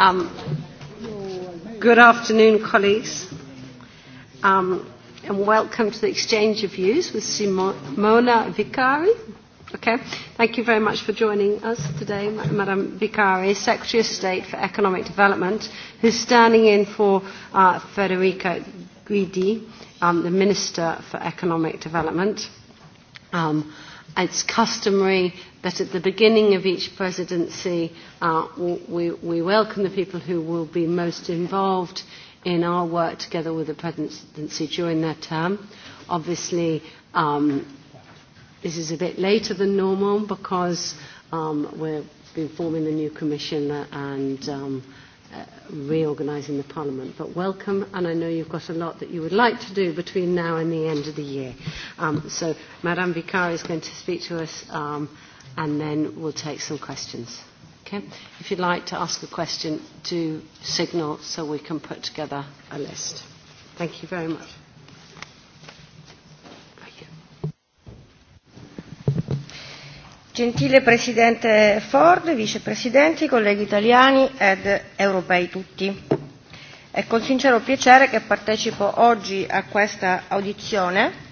Um, good afternoon, colleagues, um, and welcome to the exchange of views with Simona Vicari. Okay, thank you very much for joining us today, Madam Vicari, Secretary of State for Economic Development, who's standing in for uh, Federica Guidi, um, the Minister for Economic Development. Um, it's customary that at the beginning of each presidency uh, we, we welcome the people who will be most involved in our work together with the presidency during their term. Obviously, um, this is a bit later than normal because um, we've been forming the new commission and um, uh, reorganising the Parliament. But welcome, and I know you've got a lot that you would like to do between now and the end of the year. Um, so Madame Vicari is going to speak to us um, and then we'll take some questions. Okay? If you'd like to ask a question, do signal so we can put together a list. Thank you very much. Gentile Presidente Ford, Vicepresidenti, colleghi italiani ed europei tutti, è con sincero piacere che partecipo oggi a questa audizione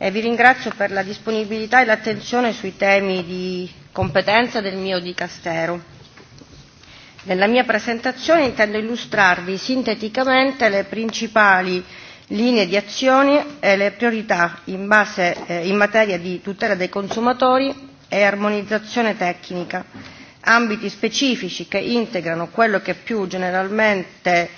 e vi ringrazio per la disponibilità e l'attenzione sui temi di competenza del mio dicastero. Nella mia presentazione intendo illustrarvi sinteticamente le principali linee di azione e le priorità in, base, eh, in materia di tutela dei consumatori e armonizzazione tecnica, ambiti specifici che integrano quello che più generalmente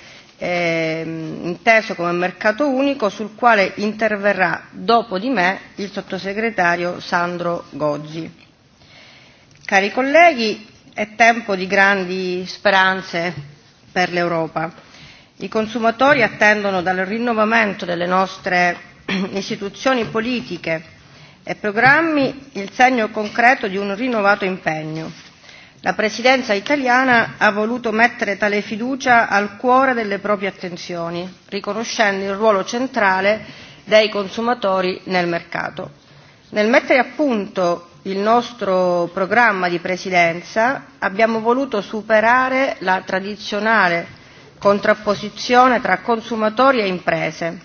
eh, inteso come mercato unico sul quale interverrà dopo di me il sottosegretario Sandro Gozzi. Cari colleghi, è tempo di grandi speranze per l'Europa. I consumatori attendono dal rinnovamento delle nostre istituzioni politiche e programmi il segno concreto di un rinnovato impegno La Presidenza italiana ha voluto mettere tale fiducia al cuore delle proprie attenzioni, riconoscendo il ruolo centrale dei consumatori nel mercato. Nel mettere a punto il nostro programma di Presidenza abbiamo voluto superare la tradizionale contrapposizione tra consumatori e imprese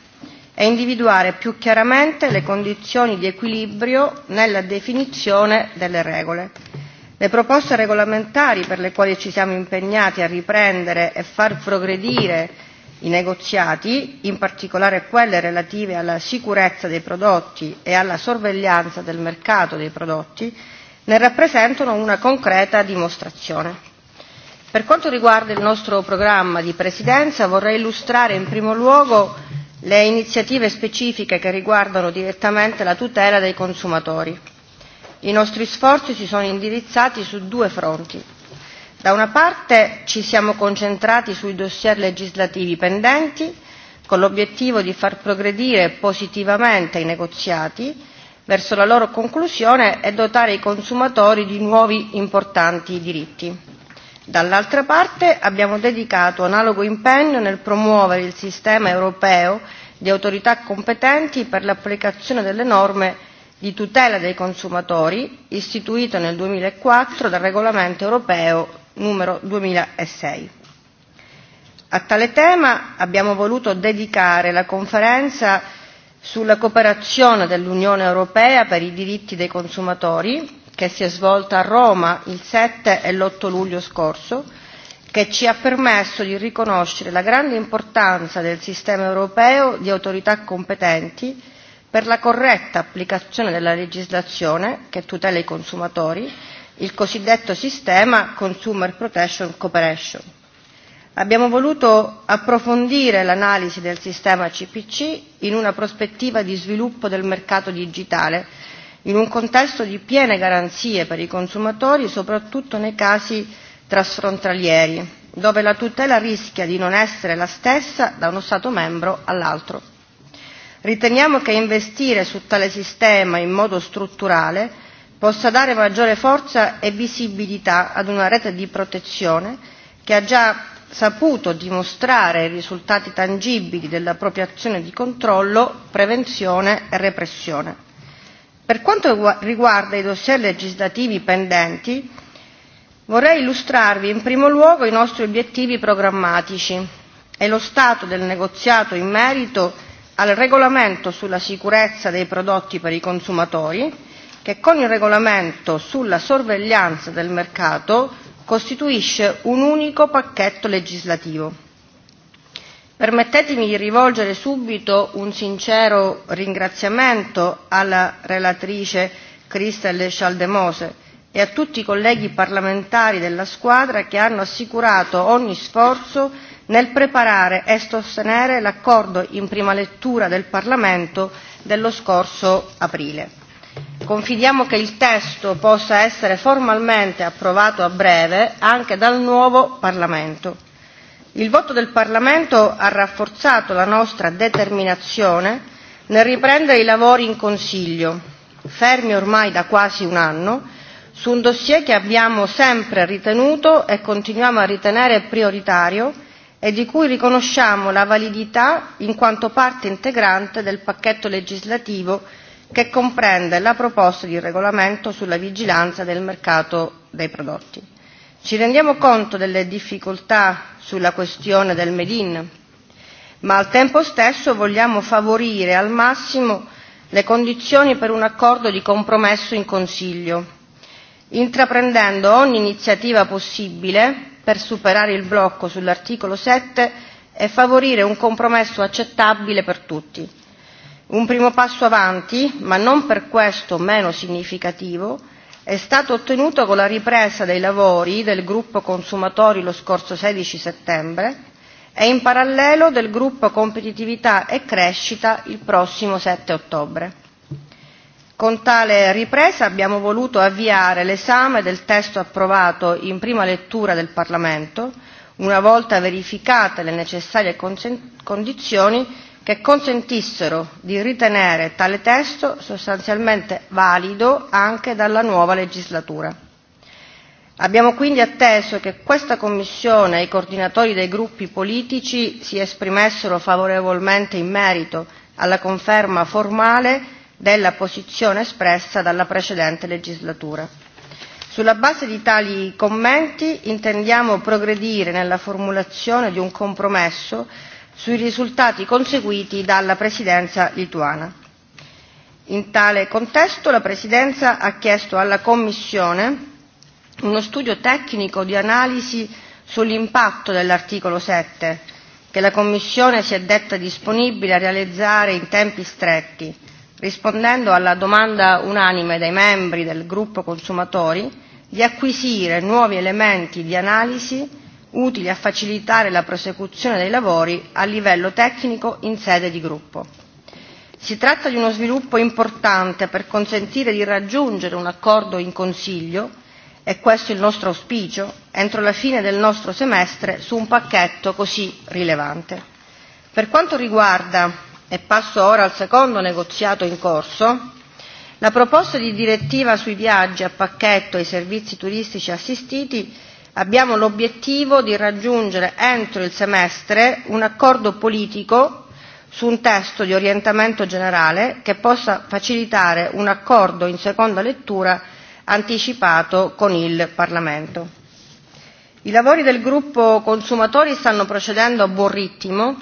e individuare più chiaramente le condizioni di equilibrio nella definizione delle regole. Le proposte regolamentari per le quali ci siamo impegnati a riprendere e far progredire i negoziati, in particolare quelle relative alla sicurezza dei prodotti e alla sorveglianza del mercato dei prodotti, ne rappresentano una concreta dimostrazione. Per quanto riguarda il nostro programma di presidenza vorrei illustrare in primo luogo le iniziative specifiche che riguardano direttamente la tutela dei consumatori. I nostri sforzi si sono indirizzati su due fronti. Da una parte ci siamo concentrati sui dossier legislativi pendenti, con l'obiettivo di far progredire positivamente i negoziati verso la loro conclusione e dotare i consumatori di nuovi importanti diritti. Dall'altra parte abbiamo dedicato analogo impegno nel promuovere il sistema europeo di autorità competenti per l'applicazione delle norme di tutela dei consumatori istituito nel 2004 e dal regolamento europeo numero 2006. E a tale tema abbiamo voluto dedicare la conferenza sulla cooperazione dell'Unione Europea per i diritti dei consumatori che si è svolta a Roma il 7 e l'8 luglio scorso che ci ha permesso di riconoscere la grande importanza del sistema europeo di autorità competenti per la corretta applicazione della legislazione che tutela i consumatori, il cosiddetto sistema Consumer Protection Cooperation. Abbiamo voluto approfondire l'analisi del sistema CPC in una prospettiva di sviluppo del mercato digitale, in un contesto di piene garanzie per i consumatori, soprattutto nei casi trasfrontalieri, dove la tutela rischia di non essere la stessa da uno Stato membro all'altro. Riteniamo che investire su tale sistema in modo strutturale possa dare maggiore forza e visibilità ad una rete di protezione che ha già saputo dimostrare i risultati tangibili della propria azione di controllo, prevenzione e repressione. Per quanto riguarda i dossier legislativi pendenti, vorrei illustrarvi in primo luogo i nostri obiettivi programmatici e lo stato del negoziato in merito al regolamento sulla sicurezza dei prodotti per i consumatori, che con il regolamento sulla sorveglianza del mercato costituisce un unico pacchetto legislativo. Permettetemi di rivolgere subito un sincero ringraziamento alla relatrice Christel Schaldemose e a tutti i colleghi parlamentari della squadra che hanno assicurato ogni sforzo nel preparare e sostenere l'accordo in prima lettura del Parlamento dello scorso aprile. Confidiamo che il testo possa essere formalmente approvato a breve anche dal nuovo Parlamento. Il voto del Parlamento ha rafforzato la nostra determinazione nel riprendere i lavori in Consiglio, fermi ormai da quasi un anno, su un dossier che abbiamo sempre ritenuto e continuiamo a ritenere prioritario e di cui riconosciamo la validità in quanto parte integrante del pacchetto legislativo che comprende la proposta di regolamento sulla vigilanza del mercato dei prodotti. Ci rendiamo conto delle difficoltà sulla questione del MEDIN, ma al tempo stesso vogliamo favorire al massimo le condizioni per un accordo di compromesso in Consiglio, intraprendendo ogni iniziativa possibile per superare il blocco sull'articolo 7 e favorire un compromesso accettabile per tutti. Un primo passo avanti, ma non per questo meno significativo, è stato ottenuto con la ripresa dei lavori del gruppo consumatori lo scorso 16 settembre e in parallelo del gruppo competitività e crescita il prossimo 7 ottobre. Con tale ripresa abbiamo voluto avviare l'esame del testo approvato in prima lettura del Parlamento, una volta verificate le necessarie condizioni che consentissero di ritenere tale testo sostanzialmente valido anche dalla nuova legislatura. Abbiamo quindi atteso che questa Commissione e i coordinatori dei gruppi politici si esprimessero favorevolmente in merito alla conferma formale della posizione espressa dalla precedente legislatura. Sulla base di tali commenti intendiamo progredire nella formulazione di un compromesso sui risultati conseguiti dalla Presidenza lituana. In tale contesto la Presidenza ha chiesto alla Commissione uno studio tecnico di analisi sull'impatto dell'articolo 7, che la Commissione si è detta disponibile a realizzare in tempi stretti rispondendo alla domanda unanime dei membri del gruppo consumatori di acquisire nuovi elementi di analisi utili a facilitare la prosecuzione dei lavori a livello tecnico in sede di gruppo. Si tratta di uno sviluppo importante per consentire di raggiungere un accordo in Consiglio e questo è il nostro auspicio, entro la fine del nostro semestre su un pacchetto così rilevante. Per quanto riguarda E passo ora al secondo negoziato in corso. La proposta di direttiva sui viaggi a pacchetto e i servizi turistici assistiti abbiamo l'obiettivo di raggiungere entro il semestre un accordo politico su un testo di orientamento generale che possa facilitare un accordo in seconda lettura anticipato con il Parlamento. I lavori del gruppo consumatori stanno procedendo a buon ritmo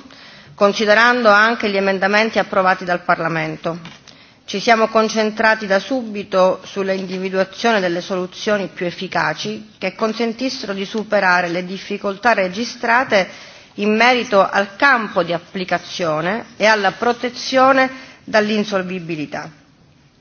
considerando anche gli emendamenti approvati dal Parlamento. Ci siamo concentrati da subito sull'individuazione delle soluzioni più efficaci che consentissero di superare le difficoltà registrate in merito al campo di applicazione e alla protezione dall'insolvibilità.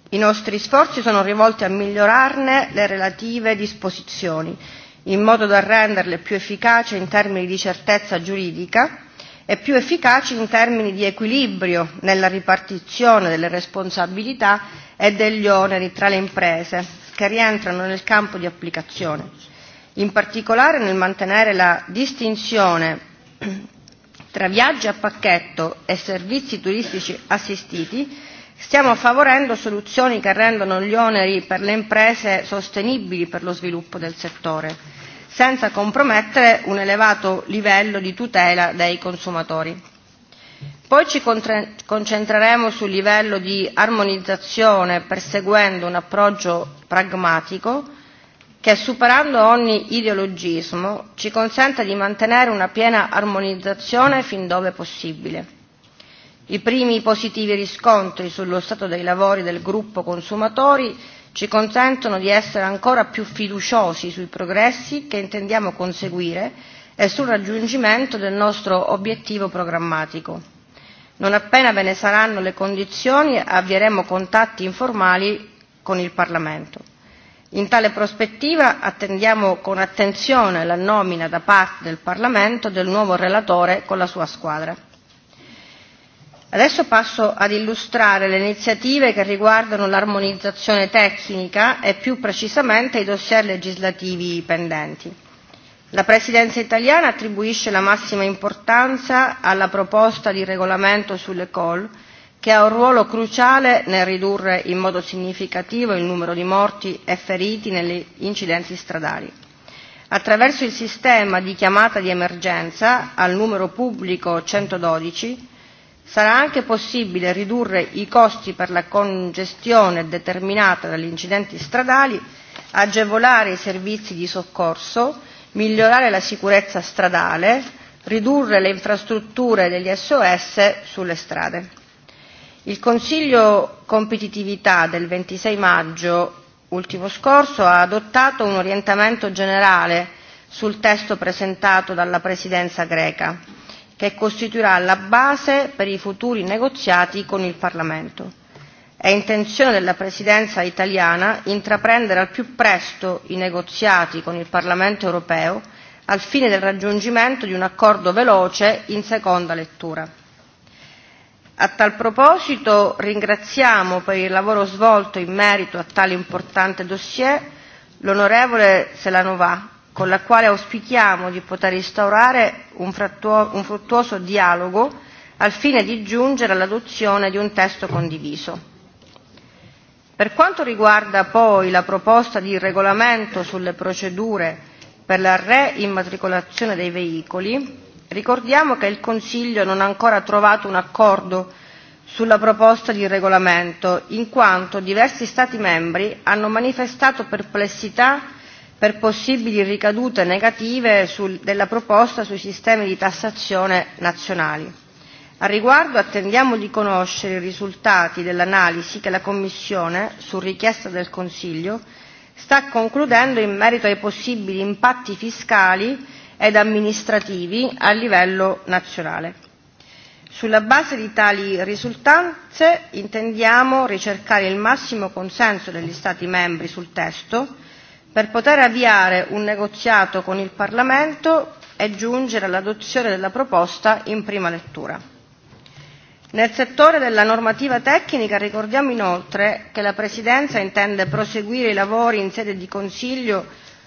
I nostri sforzi sono rivolti a migliorarne le relative disposizioni, in modo da renderle più efficaci in termini di certezza giuridica e più efficaci in termini di equilibrio nella ripartizione delle responsabilità e degli oneri tra le imprese che rientrano nel campo di applicazione, in particolare nel mantenere la distinzione tra viaggi a pacchetto e servizi turistici assistiti, stiamo favorendo soluzioni che rendono gli oneri per le imprese sostenibili per lo sviluppo del settore senza compromettere un elevato livello di tutela dei consumatori. Poi ci concentreremo sul livello di armonizzazione perseguendo un approccio pragmatico che superando ogni ideologismo ci consenta di mantenere una piena armonizzazione fin dove possibile. I primi positivi riscontri sullo stato dei lavori del gruppo consumatori ci consentono di essere ancora più fiduciosi sui progressi che intendiamo conseguire e sul raggiungimento del nostro obiettivo programmatico. Non appena ve ne saranno le condizioni avvieremo contatti informali con il Parlamento. In tale prospettiva attendiamo con attenzione la nomina da parte del Parlamento del nuovo relatore con la sua squadra. Adesso passo ad illustrare le iniziative che riguardano l'armonizzazione tecnica e più precisamente i dossier legislativi pendenti. La Presidenza italiana attribuisce la massima importanza alla proposta di regolamento sulle call che ha un ruolo cruciale nel ridurre in modo significativo il numero di morti e feriti negli incidenti stradali. Attraverso il sistema di chiamata di emergenza al numero pubblico 112 Sarà anche possibile ridurre i costi per la congestione determinata dagli incidenti stradali, agevolare i servizi di soccorso, migliorare la sicurezza stradale, ridurre le infrastrutture degli SOS sulle strade. Il Consiglio Competitività del 26 maggio ultimo scorso ha adottato un orientamento generale sul testo presentato dalla Presidenza greca che costituirà la base per i futuri negoziati con il Parlamento. È intenzione della Presidenza italiana intraprendere al più presto i negoziati con il Parlamento europeo al fine del raggiungimento di un accordo veloce in seconda lettura. A tal proposito ringraziamo per il lavoro svolto in merito a tale importante dossier l'onorevole Selanova con la quale auspichiamo di poter instaurare un, un fruttuoso dialogo al fine di giungere all'adozione di un testo condiviso. Per quanto riguarda poi la proposta di regolamento sulle procedure per la reimmatricolazione dei veicoli, ricordiamo che il Consiglio non ha ancora trovato un accordo sulla proposta di regolamento, in quanto diversi Stati membri hanno manifestato perplessità per possibili ricadute negative sul, della proposta sui sistemi di tassazione nazionali. A riguardo attendiamo di conoscere i risultati dell'analisi che la Commissione, su richiesta del Consiglio, sta concludendo in merito ai possibili impatti fiscali ed amministrativi a livello nazionale. Sulla base di tali risultanze intendiamo ricercare il massimo consenso degli Stati membri sul testo, Per poter avviare un negoziato con il Parlamento e giungere all'adozione della proposta in prima lettura. Nel settore della normativa tecnica ricordiamo inoltre che la Presidenza intende proseguire i lavori in sede di Consiglio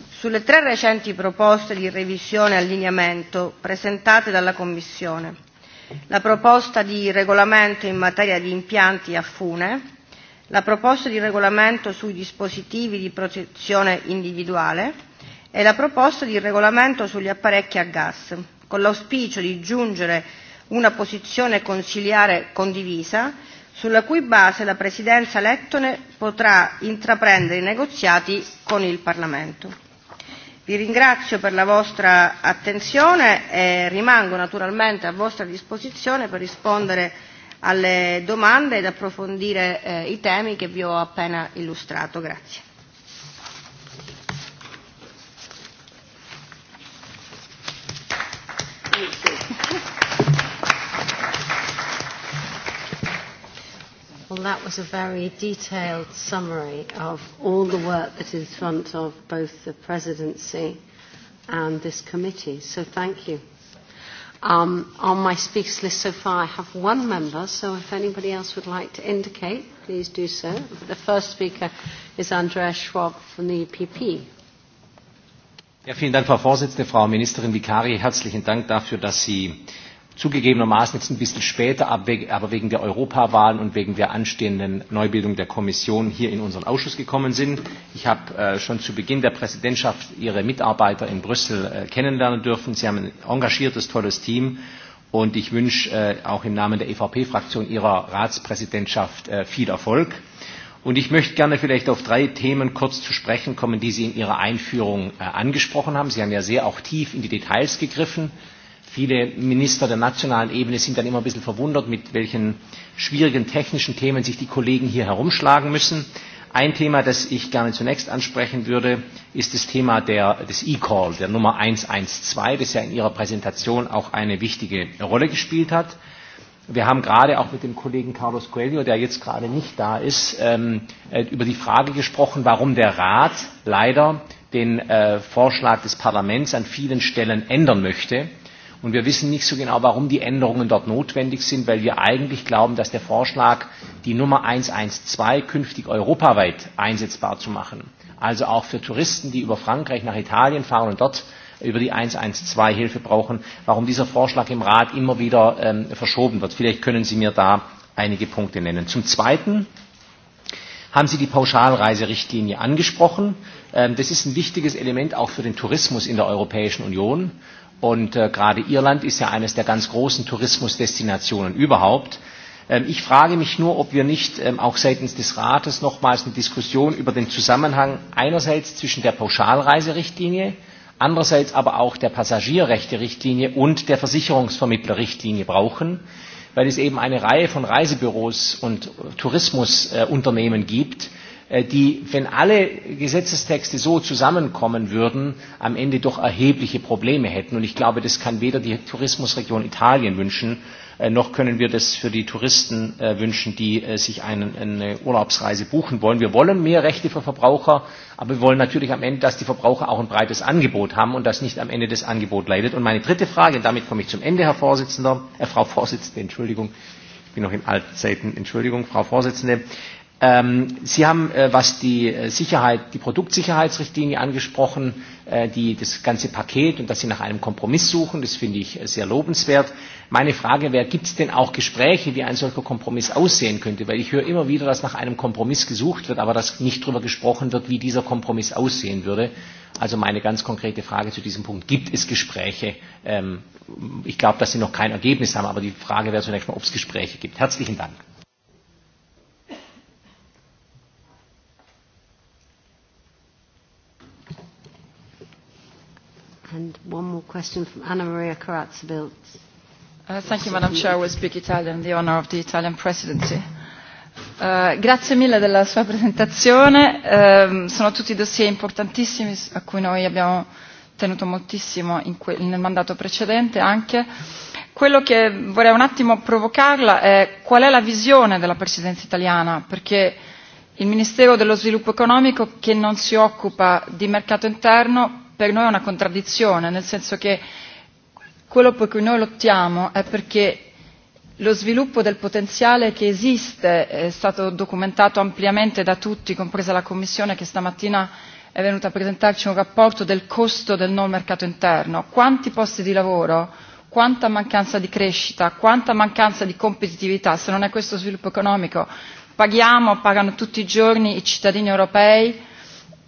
sulle tre recenti proposte di revisione e allineamento presentate dalla Commissione. La proposta di regolamento in materia di impianti a fune, la proposta di regolamento sui dispositivi di protezione individuale e la proposta di regolamento sugli apparecchi a gas, con l'auspicio di giungere una posizione consiliare condivisa sulla cui base la Presidenza lettone potrà intraprendere i negoziati con il Parlamento. Vi ringrazio per la vostra attenzione e rimango naturalmente a vostra disposizione per rispondere alle domande ed approfondire eh, i temi che vi ho appena illustrato. Grazie. Well, that was a very detailed summary of all the work that is in front of both the presidency and this committee. So thank you. Um, on my speakers list so far, I have one member, so if anybody else would like to indicate, please do so. But The first speaker is Andrea Schwab from the EPP. Ja, vielen Dank, Frau Vorsitzende, Frau Ministerin Vicari. Herzlichen Dank dafür, dass Sie zugegebenermaßen jetzt ein bisschen später, aber wegen der Europawahlen und wegen der anstehenden Neubildung der Kommission hier in unseren Ausschuss gekommen sind. Ich habe äh, schon zu Beginn der Präsidentschaft Ihre Mitarbeiter in Brüssel äh, kennenlernen dürfen. Sie haben ein engagiertes, tolles Team und ich wünsche äh, auch im Namen der EVP-Fraktion Ihrer Ratspräsidentschaft viel Erfolg. Und ich möchte gerne vielleicht auf drei Themen kurz zu sprechen kommen, die Sie in Ihrer Einführung angesprochen haben. Sie haben ja sehr auch tief in die Details gegriffen. Viele Minister der nationalen Ebene sind dann immer ein bisschen verwundert, mit welchen schwierigen technischen Themen sich die Kollegen hier herumschlagen müssen. Ein Thema, das ich gerne zunächst ansprechen würde, ist das Thema der, des E-Call, der Nummer 112, das ja in Ihrer Präsentation auch eine wichtige Rolle gespielt hat. Wir haben gerade auch mit dem Kollegen Carlos Coelho, der jetzt gerade nicht da ist, ähm, äh, über die Frage gesprochen, warum der Rat leider den äh, Vorschlag des Parlaments an vielen Stellen ändern möchte Und wir wissen nicht so genau, warum die Änderungen dort notwendig sind, weil wir eigentlich glauben, dass der Vorschlag, die Nummer 112 künftig europaweit einsetzbar zu machen, also auch für Touristen, die über Frankreich nach Italien fahren und dort über die 112 Hilfe brauchen, warum dieser Vorschlag im Rat immer wieder ähm, verschoben wird. Vielleicht können Sie mir da einige Punkte nennen. Zum Zweiten haben Sie die Pauschalreiserichtlinie angesprochen. Ähm, das ist ein wichtiges Element auch für den Tourismus in der Europäischen Union. Und äh, gerade Irland ist ja eines der ganz großen Tourismusdestinationen überhaupt. Ähm, ich frage mich nur, ob wir nicht ähm, auch seitens des Rates nochmals eine Diskussion über den Zusammenhang einerseits zwischen der Pauschalreiserichtlinie, andererseits aber auch der Passagierrechte-Richtlinie und der Versicherungsvermittler-Richtlinie brauchen, weil es eben eine Reihe von Reisebüros und äh, Tourismusunternehmen äh, gibt, Äh, die, wenn alle Gesetzestexte so zusammenkommen würden, am Ende doch erhebliche Probleme hätten. Und ich glaube, das kann weder die Tourismusregion Italien wünschen, äh, noch können wir das für die Touristen äh, wünschen, die sich einen, eine Urlaubsreise buchen wollen. Wir wollen mehr Rechte für Verbraucher, aber wir wollen natürlich am Ende, dass die Verbraucher auch ein breites Angebot haben und dass nicht am Ende das Angebot leidet. Und meine dritte Frage, und damit komme ich zum Ende, Herr Vorsitzender, äh, Frau Vorsitzende, Entschuldigung, ich bin noch in alten Zeiten, Entschuldigung, Frau Vorsitzende, Ähm, Sie haben, äh, was die äh, Sicherheit, die Produktsicherheitsrichtlinie angesprochen, äh, die, das ganze Paket und dass Sie nach einem Kompromiss suchen, das finde ich äh, sehr lobenswert. Meine Frage wäre, gibt es denn auch Gespräche, wie ein solcher Kompromiss aussehen könnte? Weil ich höre immer wieder, dass nach einem Kompromiss gesucht wird, aber dass nicht darüber gesprochen wird, wie dieser Kompromiss aussehen würde. Also meine ganz konkrete Frage zu diesem Punkt, gibt es Gespräche? Ähm, ich glaube, dass Sie noch kein Ergebnis haben, aber die Frage wäre zunächst mal, ob es Gespräche gibt. Herzlichen Dank. And one more question from Anna Maria corazza Uh, thank you, Madam Chair. We speak Italian, the honor of the Italian presidency. Uh, grazie mille della sua presentazione. Um, sono tutti dossier importantissimi a cui noi abbiamo tenuto moltissimo in que- nel mandato precedente anche. Quello che vorrei un attimo provocarla è qual è la visione della presidenza italiana, perché il Ministero dello Sviluppo Economico che non si occupa di mercato interno per noi è una contraddizione, nel senso che quello per cui noi lottiamo è perché lo sviluppo del potenziale che esiste è stato documentato ampiamente da tutti, compresa la Commissione che stamattina è venuta a presentarci un rapporto del costo del non mercato interno. Quanti posti di lavoro, quanta mancanza di crescita, quanta mancanza di competitività, se non è questo sviluppo economico, paghiamo, pagano tutti i giorni i cittadini europei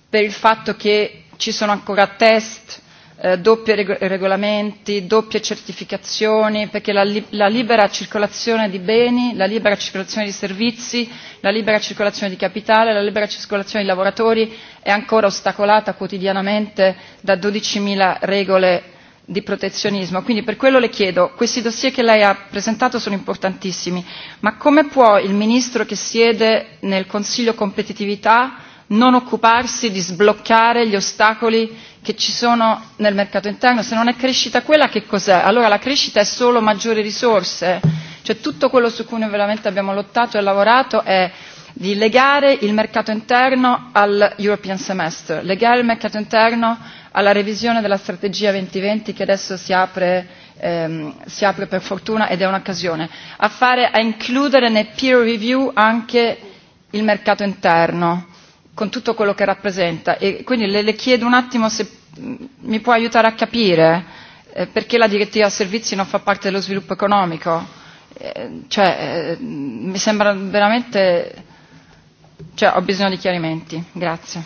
per il fatto che ci sono ancora test, eh, doppi reg regolamenti, doppie certificazioni, perché la, li la libera circolazione di beni, la libera circolazione di servizi, la libera circolazione di capitale, la libera circolazione di lavoratori è ancora ostacolata quotidianamente da 12.000 regole di protezionismo. Quindi per quello le chiedo, questi dossier che lei ha presentato sono importantissimi, ma come può il Ministro che siede nel Consiglio Competitività non occuparsi di sbloccare gli ostacoli che ci sono nel mercato interno. Se non è crescita quella che cos'è? Allora la crescita è solo maggiori risorse, cioè tutto quello su cui noi veramente abbiamo lottato e lavorato è di legare il mercato interno al European Semester, legare il mercato interno alla revisione della strategia 2020 che adesso si apre, ehm, si apre per fortuna ed è un'occasione, a, fare, a includere nel peer review anche il mercato interno con tutto quello che rappresenta e quindi le, le chiedo un attimo se mi può aiutare a capire eh, perché la direttiva servizi non fa parte dello sviluppo economico. Eh, cioè, eh, mi sembra veramente... Cioè, ho bisogno di chiarimenti. Grazie.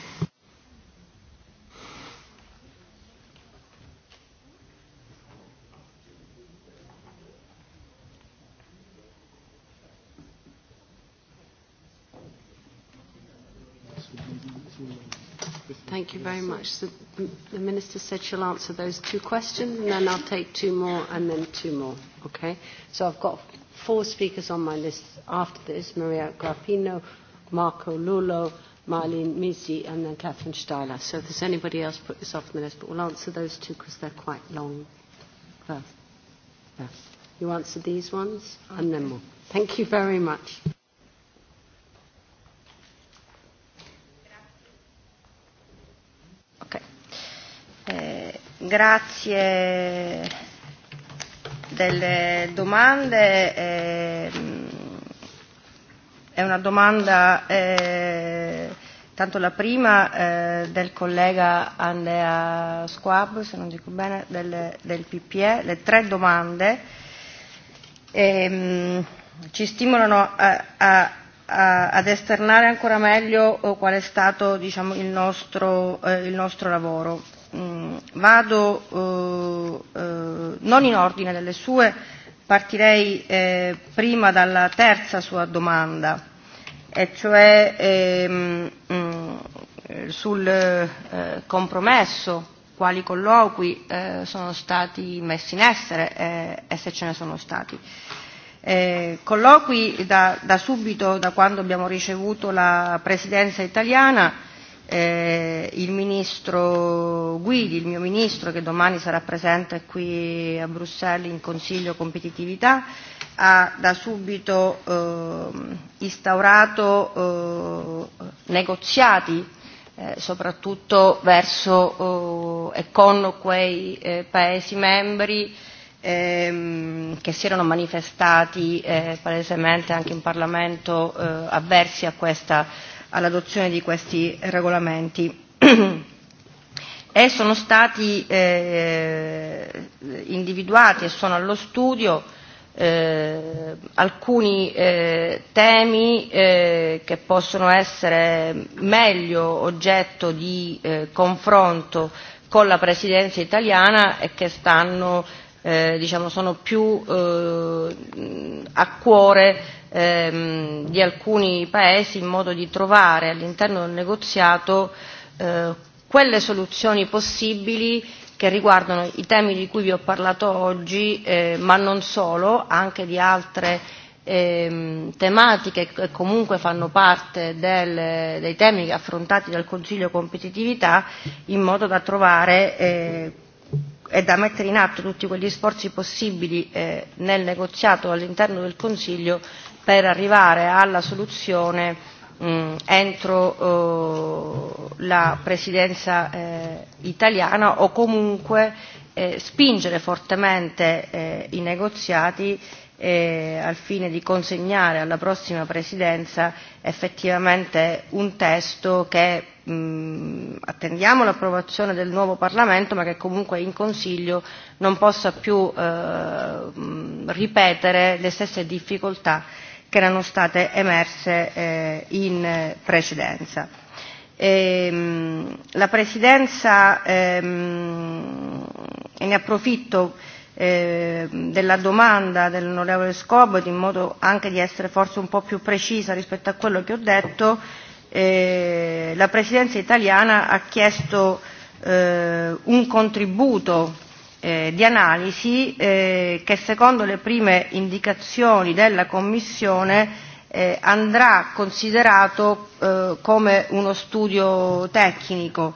Thank you very much. The, the Minister said she'll answer those two questions, and then I'll take two more and then two more. Okay? So I've got four speakers on my list after this Maria Grappino, Marco Lulo, Marlene Mizzi, and then Catherine Steiler. So if there's anybody else, put this off the list, but we'll answer those two because they're quite long. you answer these ones, and then more. Thank you very much. Grazie delle domande. Eh, è una domanda, eh, tanto la prima, eh, del collega Andrea Squab, se non dico bene, del, del PPE, le tre domande eh, ci stimolano a, a, ad esternare ancora meglio eh, qual è stato diciamo, il, nostro, eh, il nostro lavoro mh, mm, vado uh, uh, non in ordine delle sue, partirei eh, prima dalla terza sua domanda, e cioè ehm, mh, mm, sul eh, compromesso quali colloqui eh, sono stati messi in essere eh, e se ce ne sono stati. Eh, colloqui da, da subito, da quando abbiamo ricevuto la presidenza italiana, eh, il ministro Guidi, il mio ministro che domani sarà presente qui a Bruxelles in Consiglio Competitività, ha da subito eh, instaurato eh, negoziati eh, soprattutto verso eh, e con quei eh, Paesi membri ehm, che si erano manifestati eh, palesemente anche in Parlamento eh, avversi a questa all'adozione di questi regolamenti. e sono stati eh, individuati e sono allo studio eh, alcuni eh, temi eh, che possono essere meglio oggetto di eh, confronto con la presidenza italiana e che stanno eh, eh, diciamo, sono più eh, a cuore ehm, di alcuni paesi in modo di trovare all'interno del negoziato eh, quelle soluzioni possibili che riguardano i temi di cui vi ho parlato oggi, eh, ma non solo, anche di altre ehm, tematiche che comunque fanno parte del, dei temi affrontati dal Consiglio Competitività, in modo da trovare eh, è da mettere in atto tutti quegli sforzi possibili eh, nel negoziato all'interno del Consiglio per arrivare alla soluzione mh, entro eh, la presidenza eh, italiana o comunque eh, spingere fortemente eh, i negoziati eh, eh, al fine di consegnare alla prossima Presidenza effettivamente un testo che mh, attendiamo l'approvazione del nuovo Parlamento ma che comunque in Consiglio non possa più eh, ripetere le stesse difficoltà che erano state emerse eh, in precedenza. E, la Presidenza, ehm, e ne approfitto, eh, Ehm, della domanda dell'onorevole Scobot in modo anche di essere forse un po' più precisa rispetto a quello che ho detto, eh, la Presidenza italiana ha chiesto eh, un contributo eh, di analisi eh, che secondo le prime indicazioni della Commissione eh, andrà considerato eh, come uno studio tecnico.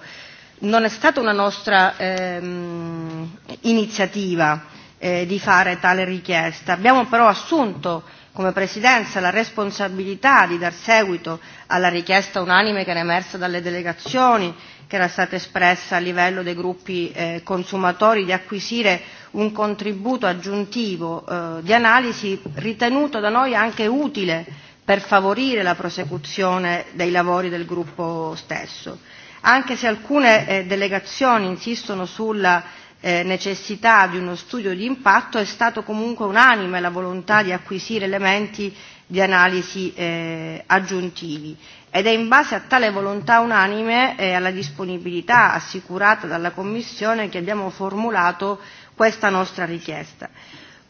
Non è stata una nostra ehm, iniziativa, eh, di fare tale richiesta. Abbiamo però assunto come Presidenza la responsabilità di dar seguito alla richiesta unanime che era emersa dalle delegazioni, che era stata espressa a livello dei gruppi eh, consumatori, di acquisire un contributo aggiuntivo eh, di analisi ritenuto da noi anche utile per favorire la prosecuzione dei lavori del gruppo stesso. Anche se alcune eh, delegazioni insistono sulla eh, necessità di uno studio di impatto è stato comunque unanime la volontà di acquisire elementi di analisi eh, aggiuntivi ed è in base a tale volontà unanime e alla disponibilità assicurata dalla Commissione che abbiamo formulato questa nostra richiesta.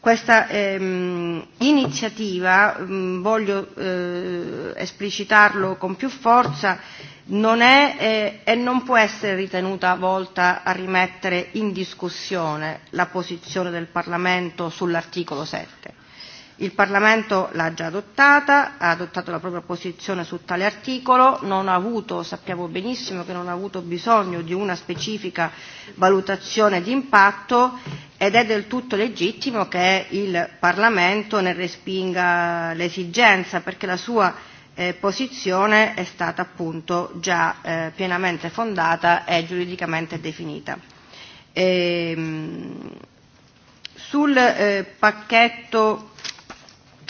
Questa ehm, iniziativa, mh, mm, voglio eh, esplicitarlo con più forza, non è eh, e non può essere ritenuta volta a rimettere in discussione la posizione del Parlamento sull'articolo 7. Il Parlamento l'ha già adottata, ha adottato la propria posizione su tale articolo, non ha avuto, sappiamo benissimo che non ha avuto bisogno di una specifica valutazione di impatto ed è del tutto legittimo che il Parlamento ne respinga l'esigenza perché la sua eh, posizione è stata appunto già eh, pienamente fondata e giuridicamente definita. E, sul, eh, pacchetto,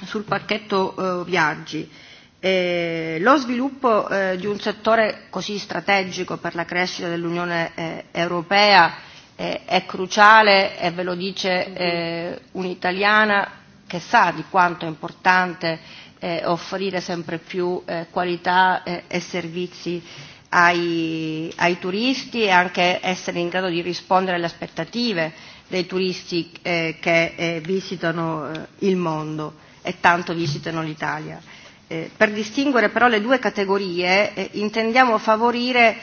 sul pacchetto eh, viaggi, eh, lo sviluppo eh, di un settore così strategico per la crescita dell'Unione eh, Europea eh, è cruciale e ve lo dice eh, un'italiana che sa di quanto è importante eh, offrire sempre più eh, qualità eh, e servizi ai, ai turisti e anche essere in grado di rispondere alle aspettative dei turisti eh, che eh, visitano eh, il mondo e tanto visitano l'Italia. Eh, per distinguere però le due categorie eh, intendiamo favorire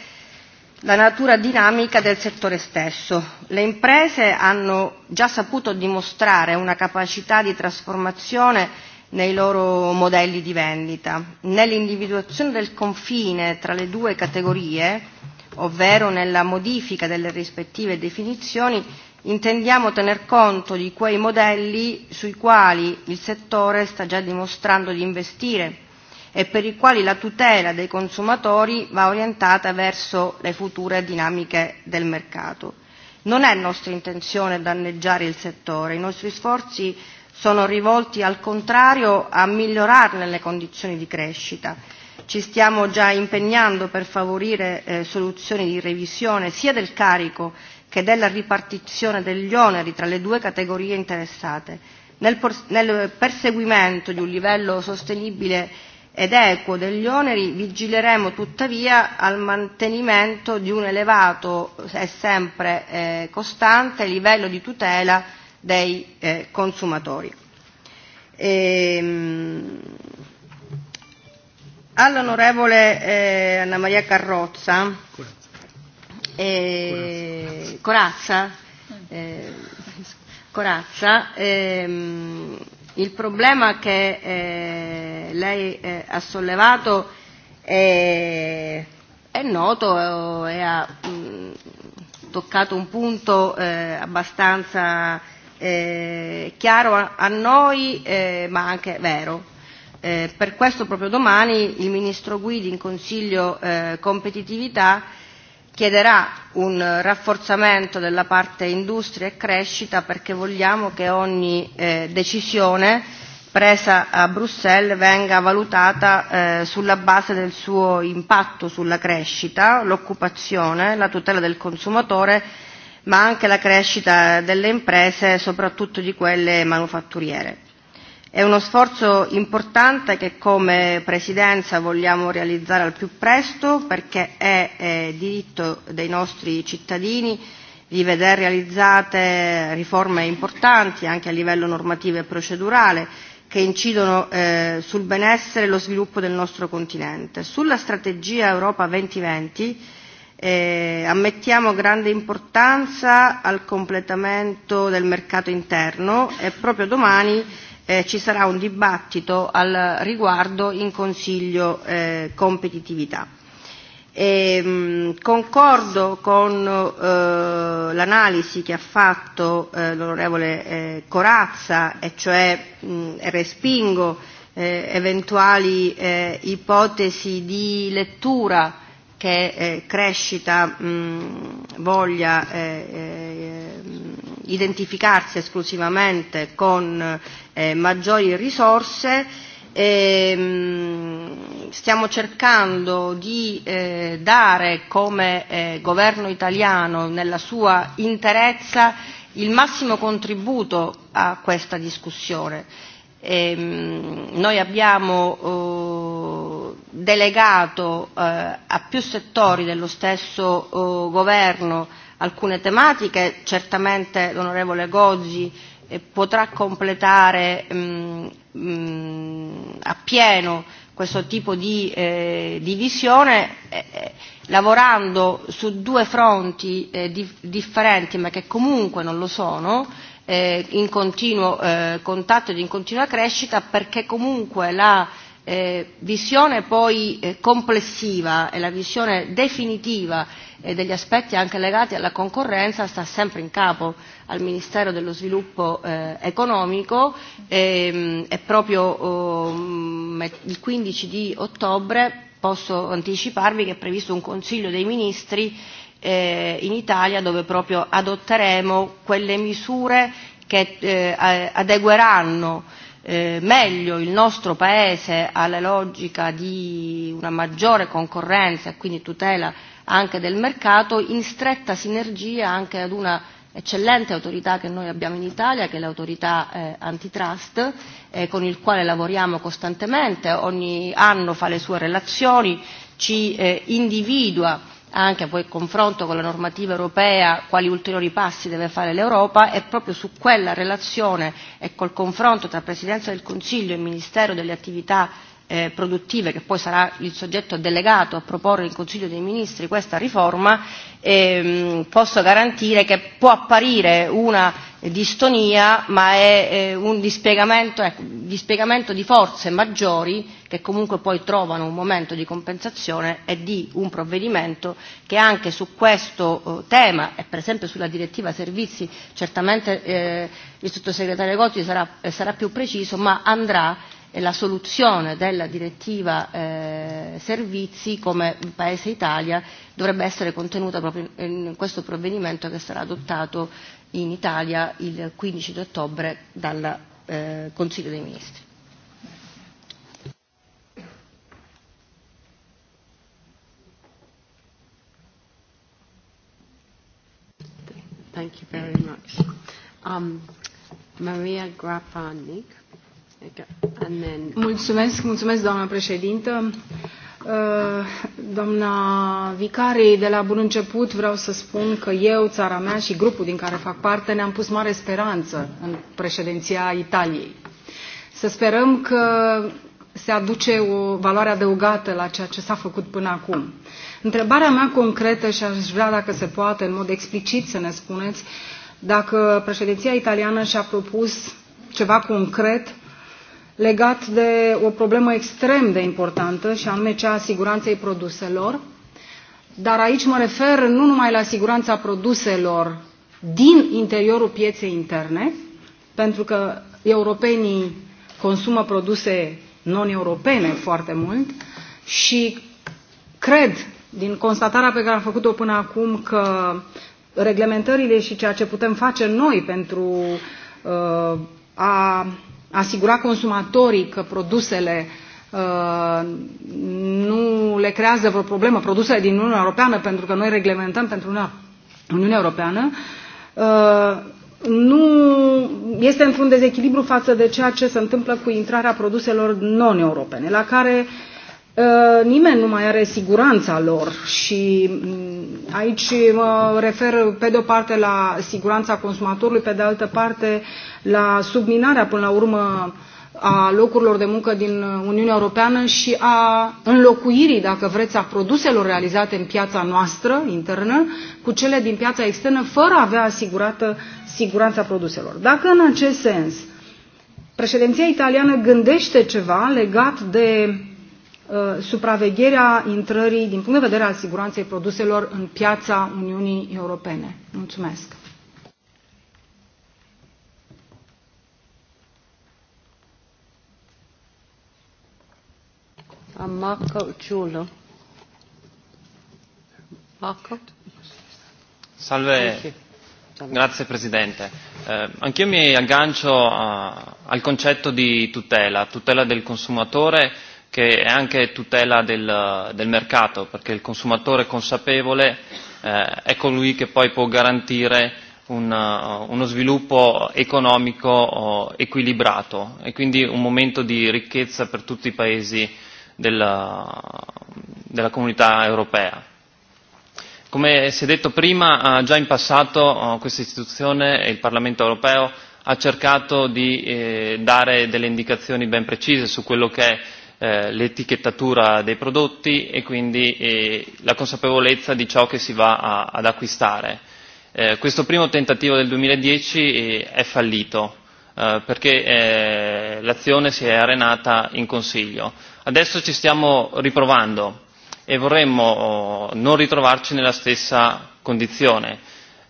la natura dinamica del settore stesso. Le imprese hanno già saputo dimostrare una capacità di trasformazione nei loro modelli di vendita. Nell'individuazione del confine tra le due categorie, ovvero nella modifica delle rispettive definizioni, intendiamo tener conto di quei modelli sui quali il settore sta già dimostrando di investire e per i quali la tutela dei consumatori va orientata verso le future dinamiche del mercato. Non è nostra intenzione danneggiare il settore, i nostri sforzi sono rivolti al contrario a migliorarne le condizioni di crescita. Ci stiamo già impegnando per favorire eh, soluzioni di revisione sia del carico che della ripartizione degli oneri tra le due categorie interessate, nel, nel perseguimento di un livello sostenibile ed equo degli oneri vigileremo tuttavia al mantenimento di un elevato e sempre eh, costante livello di tutela dei eh, consumatori. E, All'onorevole eh, Anna Maria Carrozza, Corazza, eh, Corazza, eh, Corazza eh, il problema che eh, lei eh, ha sollevato è, è noto e ha mh, mm, toccato un punto eh, abbastanza Eh, chiaro a, a noi eh, ma anche vero. Eh, per questo proprio domani il Ministro Guidi in Consiglio eh, Competitività chiederà un rafforzamento della parte industria e crescita perché vogliamo che ogni eh, decisione presa a Bruxelles venga valutata eh, sulla base del suo impatto sulla crescita, l'occupazione, la tutela del consumatore ma anche la crescita delle imprese, soprattutto di quelle manufatturiere. È uno sforzo importante che come Presidenza vogliamo realizzare al più presto perché è eh, diritto dei nostri cittadini di vedere realizzate riforme importanti anche a livello normativo e procedurale che incidono eh, sul benessere e lo sviluppo del nostro continente. Sulla strategia Europa 2020 Eh, ammettiamo grande importanza al completamento del mercato interno e proprio domani eh, ci sarà un dibattito al riguardo in Consiglio eh, competitività. E, ehm, mh, concordo con eh, l'analisi che ha fatto eh, l'onorevole eh, Corazza e cioè mh, respingo eh, eventuali eh, ipotesi di lettura che eh, crescita mh, voglia eh, eh, identificarsi esclusivamente con eh, maggiori risorse, E, ehm, mh, stiamo cercando di eh, dare come eh, governo italiano nella sua interezza il massimo contributo a questa discussione. E, ehm, mh, noi abbiamo oh, delegato eh, a più settori dello stesso eh, governo alcune tematiche, certamente l'onorevole Gozzi eh, potrà completare mh, mm, mh, mm, appieno questo tipo di, eh, di visione eh, eh, lavorando su due fronti eh, di, differenti ma che comunque non lo sono eh, in continuo eh, contatto ed in continua crescita perché comunque la eh, visione poi eh, complessiva e la visione definitiva eh, degli aspetti anche legati alla concorrenza sta sempre in capo al Ministero dello Sviluppo eh, Economico ehm, e proprio oh, mm, il 15 di ottobre posso anticiparvi che è previsto un Consiglio dei Ministri eh, in Italia dove proprio adotteremo quelle misure che eh, adegueranno eh, meglio il nostro Paese alla logica di una maggiore concorrenza e quindi tutela anche del mercato in stretta sinergia anche ad una eccellente autorità che noi abbiamo in Italia, che è l'autorità eh, antitrust, eh, con il quale lavoriamo costantemente, ogni anno fa le sue relazioni, ci eh, individua anche poi il confronto con la normativa europea, quali ulteriori passi deve fare l'Europa e proprio su quella relazione e col confronto tra Presidenza del Consiglio e Ministero delle Attività eh, produttive, che poi sarà il soggetto delegato a proporre in Consiglio dei Ministri questa riforma, ehm, posso garantire che può apparire una Eh, distonia, ma è eh, un dispiegamento, ecco, dispiegamento di forze maggiori che comunque poi trovano un momento di compensazione e di un provvedimento che anche su questo eh, tema e per esempio sulla direttiva servizi certamente eh, il sottosegretario Gotti sarà, eh, sarà più preciso ma andrà eh, la soluzione della direttiva eh, servizi come Paese Italia dovrebbe essere contenuta proprio in questo provvedimento che sarà adottato in Italia il 15 ottobre dal eh, Consiglio dei Ministri. Thank you very much. Um, Maria Grapanic. And then... Mulțumesc, mulțumesc, doamna președintă. Eh, doamna Vicari, de la bun început vreau să spun că eu, țara mea și grupul din care fac parte ne-am pus mare speranță în președinția Italiei. Să sperăm că se aduce o valoare adăugată la ceea ce s-a făcut până acum. Întrebarea mea concretă și aș vrea dacă se poate în mod explicit să ne spuneți dacă președinția italiană și-a propus ceva concret legat de o problemă extrem de importantă și anume cea a siguranței produselor. Dar aici mă refer nu numai la siguranța produselor din interiorul pieței interne, pentru că europenii consumă produse non-europene foarte mult și cred din constatarea pe care am făcut-o până acum că reglementările și ceea ce putem face noi pentru uh, a asigura consumatorii că produsele uh, nu le creează vreo problemă, produsele din Uniunea Europeană, pentru că noi reglementăm pentru Uniunea, Uniunea Europeană, uh, nu este într-un dezechilibru față de ceea ce se întâmplă cu intrarea produselor non-europene, la care uh, nimeni nu mai are siguranța lor și mm, aici mă refer pe de o parte la siguranța consumatorului, pe de altă parte la subminarea până la urmă a locurilor de muncă din Uniunea Europeană și a înlocuirii, dacă vreți, a produselor realizate în piața noastră internă cu cele din piața externă, fără a avea asigurată siguranța produselor. Dacă în acest sens președinția italiană gândește ceva legat de uh, Uh, supravegherea intrării din punct de vedere al siguranței produselor în piața Uniunii Europene. Mulțumesc! Marco Marco? Salve, grazie Presidente. Eh, Anch'io mi aggancio a, eh, al concetto di tutela, tutela del consumatore che è anche tutela del, del mercato, perché il consumatore consapevole eh, è colui che poi può garantire un, eh, uno sviluppo economico eh, equilibrato e quindi un momento di ricchezza per tutti i paesi della, della comunità europea. Come si è detto prima, eh, già in passato questa istituzione e il Parlamento europeo ha cercato di eh, dare delle indicazioni ben precise su quello che è Eh, l'etichettatura dei prodotti e quindi eh, la consapevolezza di ciò che si va a, ad acquistare. Eh, questo primo tentativo del 2010 eh, è fallito eh, perché eh, l'azione si è arenata in Consiglio. Adesso ci stiamo riprovando e vorremmo oh, non ritrovarci nella stessa condizione.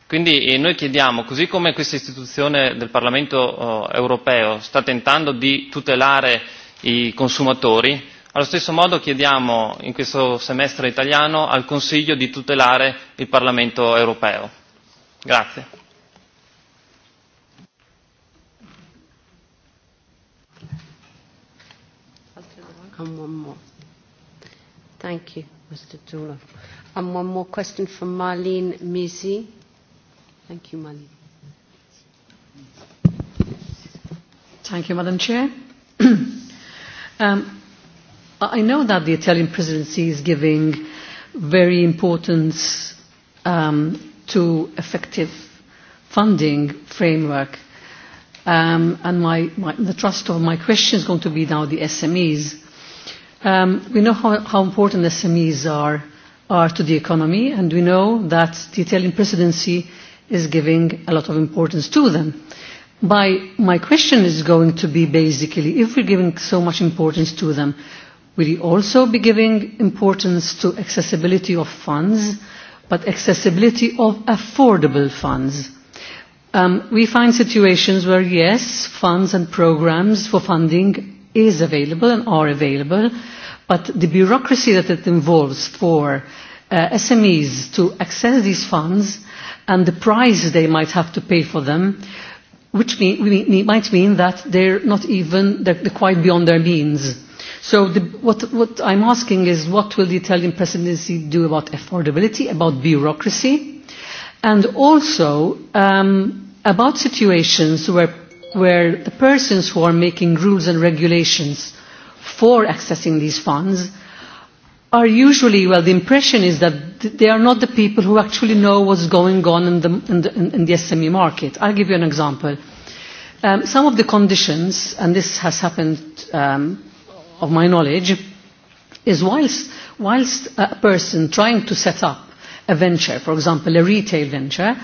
Quindi eh, noi chiediamo, così come questa istituzione del Parlamento eh, europeo sta tentando di tutelare i consumatori. Allo stesso modo chiediamo in questo semestre italiano al Consiglio di tutelare il Parlamento europeo. Grazie. Thank you, Mr. Dula. And one more question from Marlene Mizzi. Thank you, Marlene. Thank you, Madam Chair. Um, I know that the Italian presidency is giving very importance um, to effective funding framework. Um, and my, my, the trust of my question is going to be now the SMEs. Um, we know how, how important SMEs are, are to the economy, and we know that the Italian presidency is giving a lot of importance to them. My, my question is going to be basically, if we're giving so much importance to them, will you also be giving importance to accessibility of funds, but accessibility of affordable funds? Um, we find situations where, yes, funds and programs for funding is available and are available, but the bureaucracy that it involves for uh, SMEs to access these funds and the price they might have to pay for them which mean, mean, might mean that they're not even, they're, they're quite beyond their means. So the, what, what I'm asking is what will the Italian presidency do about affordability, about bureaucracy, and also um, about situations where, where the persons who are making rules and regulations for accessing these funds are usually, well, the impression is that they are not the people who actually know what's going on in the, in the, in the SME market. I'll give you an example. Um, some of the conditions, and this has happened um, of my knowledge, is whilst, whilst a person trying to set up a venture, for example, a retail venture,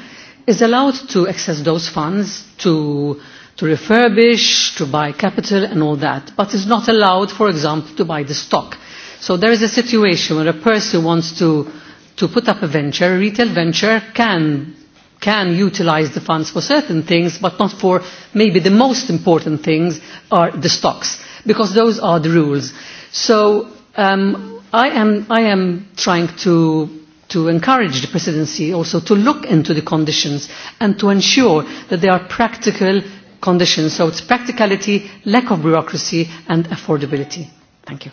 is allowed to access those funds to, to refurbish, to buy capital and all that, but is not allowed, for example, to buy the stock. So there is a situation where a person wants to to put up a venture, a retail venture can can utilize the funds for certain things, but not for maybe the most important things are the stocks, because those are the rules. So um, I, am, I am trying to, to encourage the presidency also to look into the conditions and to ensure that they are practical conditions. So it's practicality, lack of bureaucracy, and affordability. Thank you.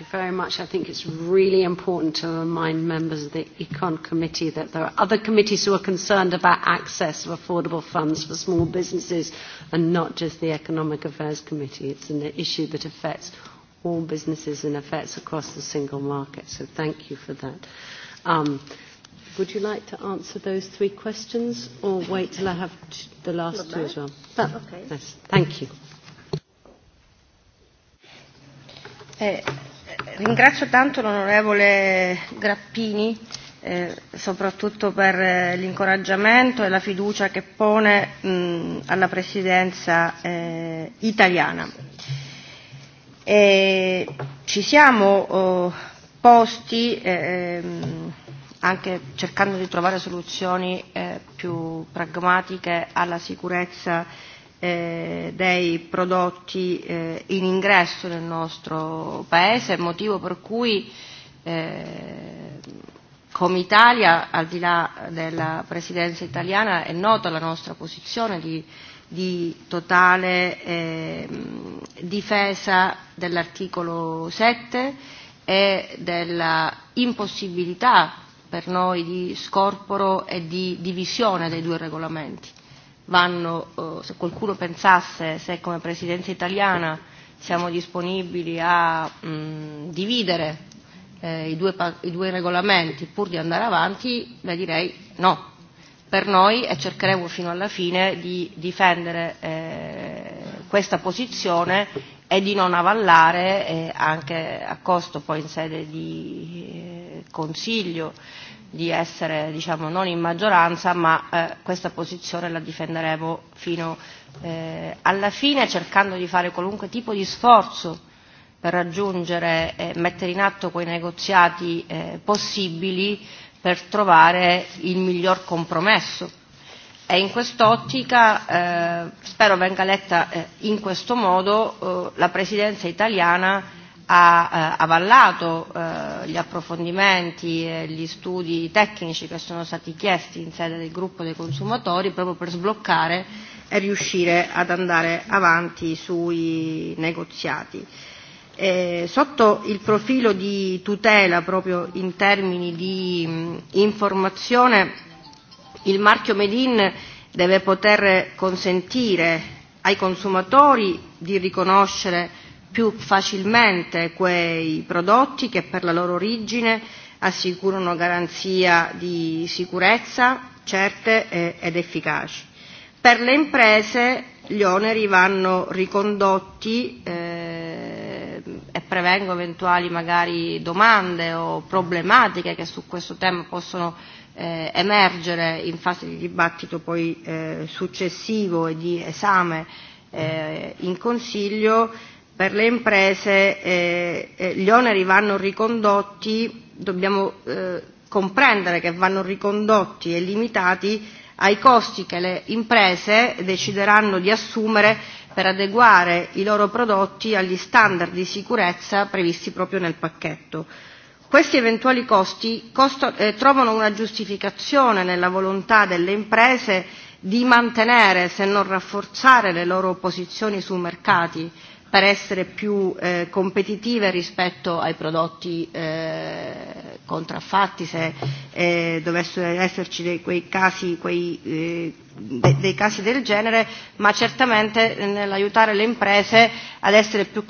you very much. I think it's really important to remind members of the Econ Committee that there are other committees who are concerned about access of affordable funds for small businesses and not just the Economic Affairs Committee. It's an issue that affects all businesses and affects across the single market. So thank you for that. Um, would you like to answer those three questions or wait till I have the last two as well? Oh, okay. Yes, thank you. Eh, Ringrazio tanto l'onorevole Grappini, eh, soprattutto per eh, l'incoraggiamento e la fiducia che pone mh, alla presidenza eh, italiana. E ci siamo oh, posti, eh, ehm, anche cercando di trovare soluzioni eh, più pragmatiche alla sicurezza eh, dei prodotti eh, in ingresso nel nostro Paese, motivo per cui eh, come Italia, al di là della Presidenza italiana, è nota la nostra posizione di, di totale eh, difesa dell'articolo 7 e della impossibilità per noi di scorporo e di divisione dei due regolamenti vanno, eh, se qualcuno pensasse se come Presidenza italiana siamo disponibili a mh, mm, dividere eh, i, due, i due regolamenti pur di andare avanti, beh direi no. Per noi e cercheremo fino alla fine di difendere eh, questa posizione e di non avallare eh, anche a costo poi in sede di eh, Consiglio di essere diciamo, non in maggioranza, ma eh, questa posizione la difenderemo fino eh, alla fine, cercando di fare qualunque tipo di sforzo per raggiungere e eh, mettere in atto quei negoziati eh, possibili per trovare il miglior compromesso. E in quest'ottica, eh, spero venga letta eh, in questo modo, eh, la Presidenza italiana ha eh, avallato eh, gli approfondimenti e gli studi tecnici che sono stati chiesti in sede del gruppo dei consumatori proprio per sbloccare e riuscire ad andare avanti sui negoziati. Eh, sotto il profilo di tutela proprio in termini di mh, mm, informazione il marchio Medin deve poter consentire ai consumatori di riconoscere più facilmente quei prodotti che per la loro origine assicurano garanzia di sicurezza certe e, ed efficaci. Per le imprese gli oneri vanno ricondotti eh, e prevengo eventuali magari domande o problematiche che su questo tema possono eh, emergere in fase di dibattito poi eh, successivo e di esame eh, in Consiglio per le imprese eh, eh, gli oneri vanno ricondotti, dobbiamo eh, comprendere che vanno ricondotti e limitati ai costi che le imprese decideranno di assumere per adeguare i loro prodotti agli standard di sicurezza previsti proprio nel pacchetto. Questi eventuali costi costo, eh, trovano una giustificazione nella volontà delle imprese di mantenere, se non rafforzare, le loro posizioni sui mercati per essere più eh, competitive rispetto ai prodotti eh, contraffatti, se eh, dovessero esserci dei, quei casi, quei, eh, de, dei casi del genere, ma certamente eh, nell'aiutare le imprese ad essere più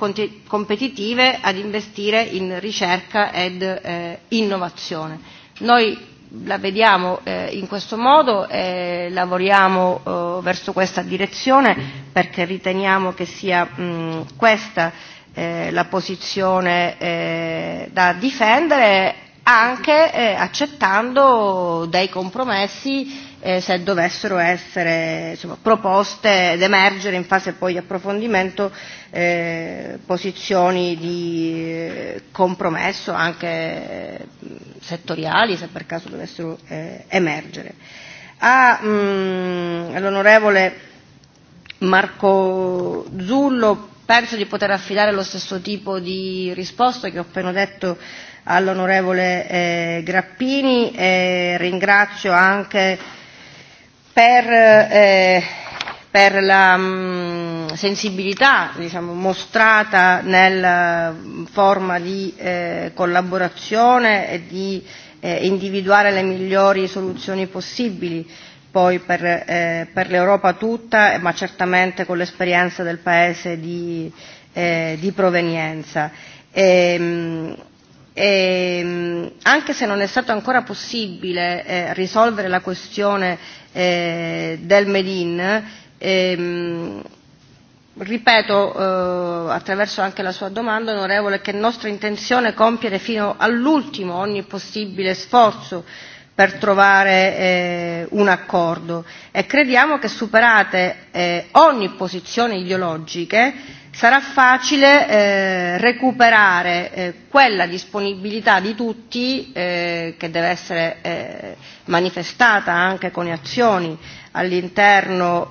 competitive, ad investire in ricerca ed eh, innovazione. Noi la vediamo eh, in questo modo e lavoriamo eh, verso questa direzione perché riteniamo che sia mh, questa eh, la posizione eh, da difendere anche eh, accettando dei compromessi eh, se dovessero essere insomma, proposte ed emergere in fase poi di approfondimento eh, posizioni di eh, compromesso anche eh, settoriali se per caso dovessero eh, emergere. All'onorevole mm, Marco Zullo penso di poter affidare lo stesso tipo di risposta che ho appena detto all'onorevole eh, Grappini e ringrazio anche per, eh, per la mh, mm, sensibilità diciamo, mostrata nella mm, forma di eh, collaborazione e di eh, individuare le migliori soluzioni possibili poi per, eh, per l'Europa tutta, eh, ma certamente con l'esperienza del paese di, eh, di provenienza. E, ehm, mh, E, anche se non è stato ancora possibile eh, risolvere la questione eh, del Medin, ehm, ripeto eh, attraverso anche la sua domanda, onorevole, che è nostra intenzione compiere fino all'ultimo ogni possibile sforzo per trovare eh, un accordo e crediamo che superate eh, ogni posizione ideologica sarà facile eh, recuperare eh, quella disponibilità di tutti eh, che deve essere eh, manifestata anche con azioni all'interno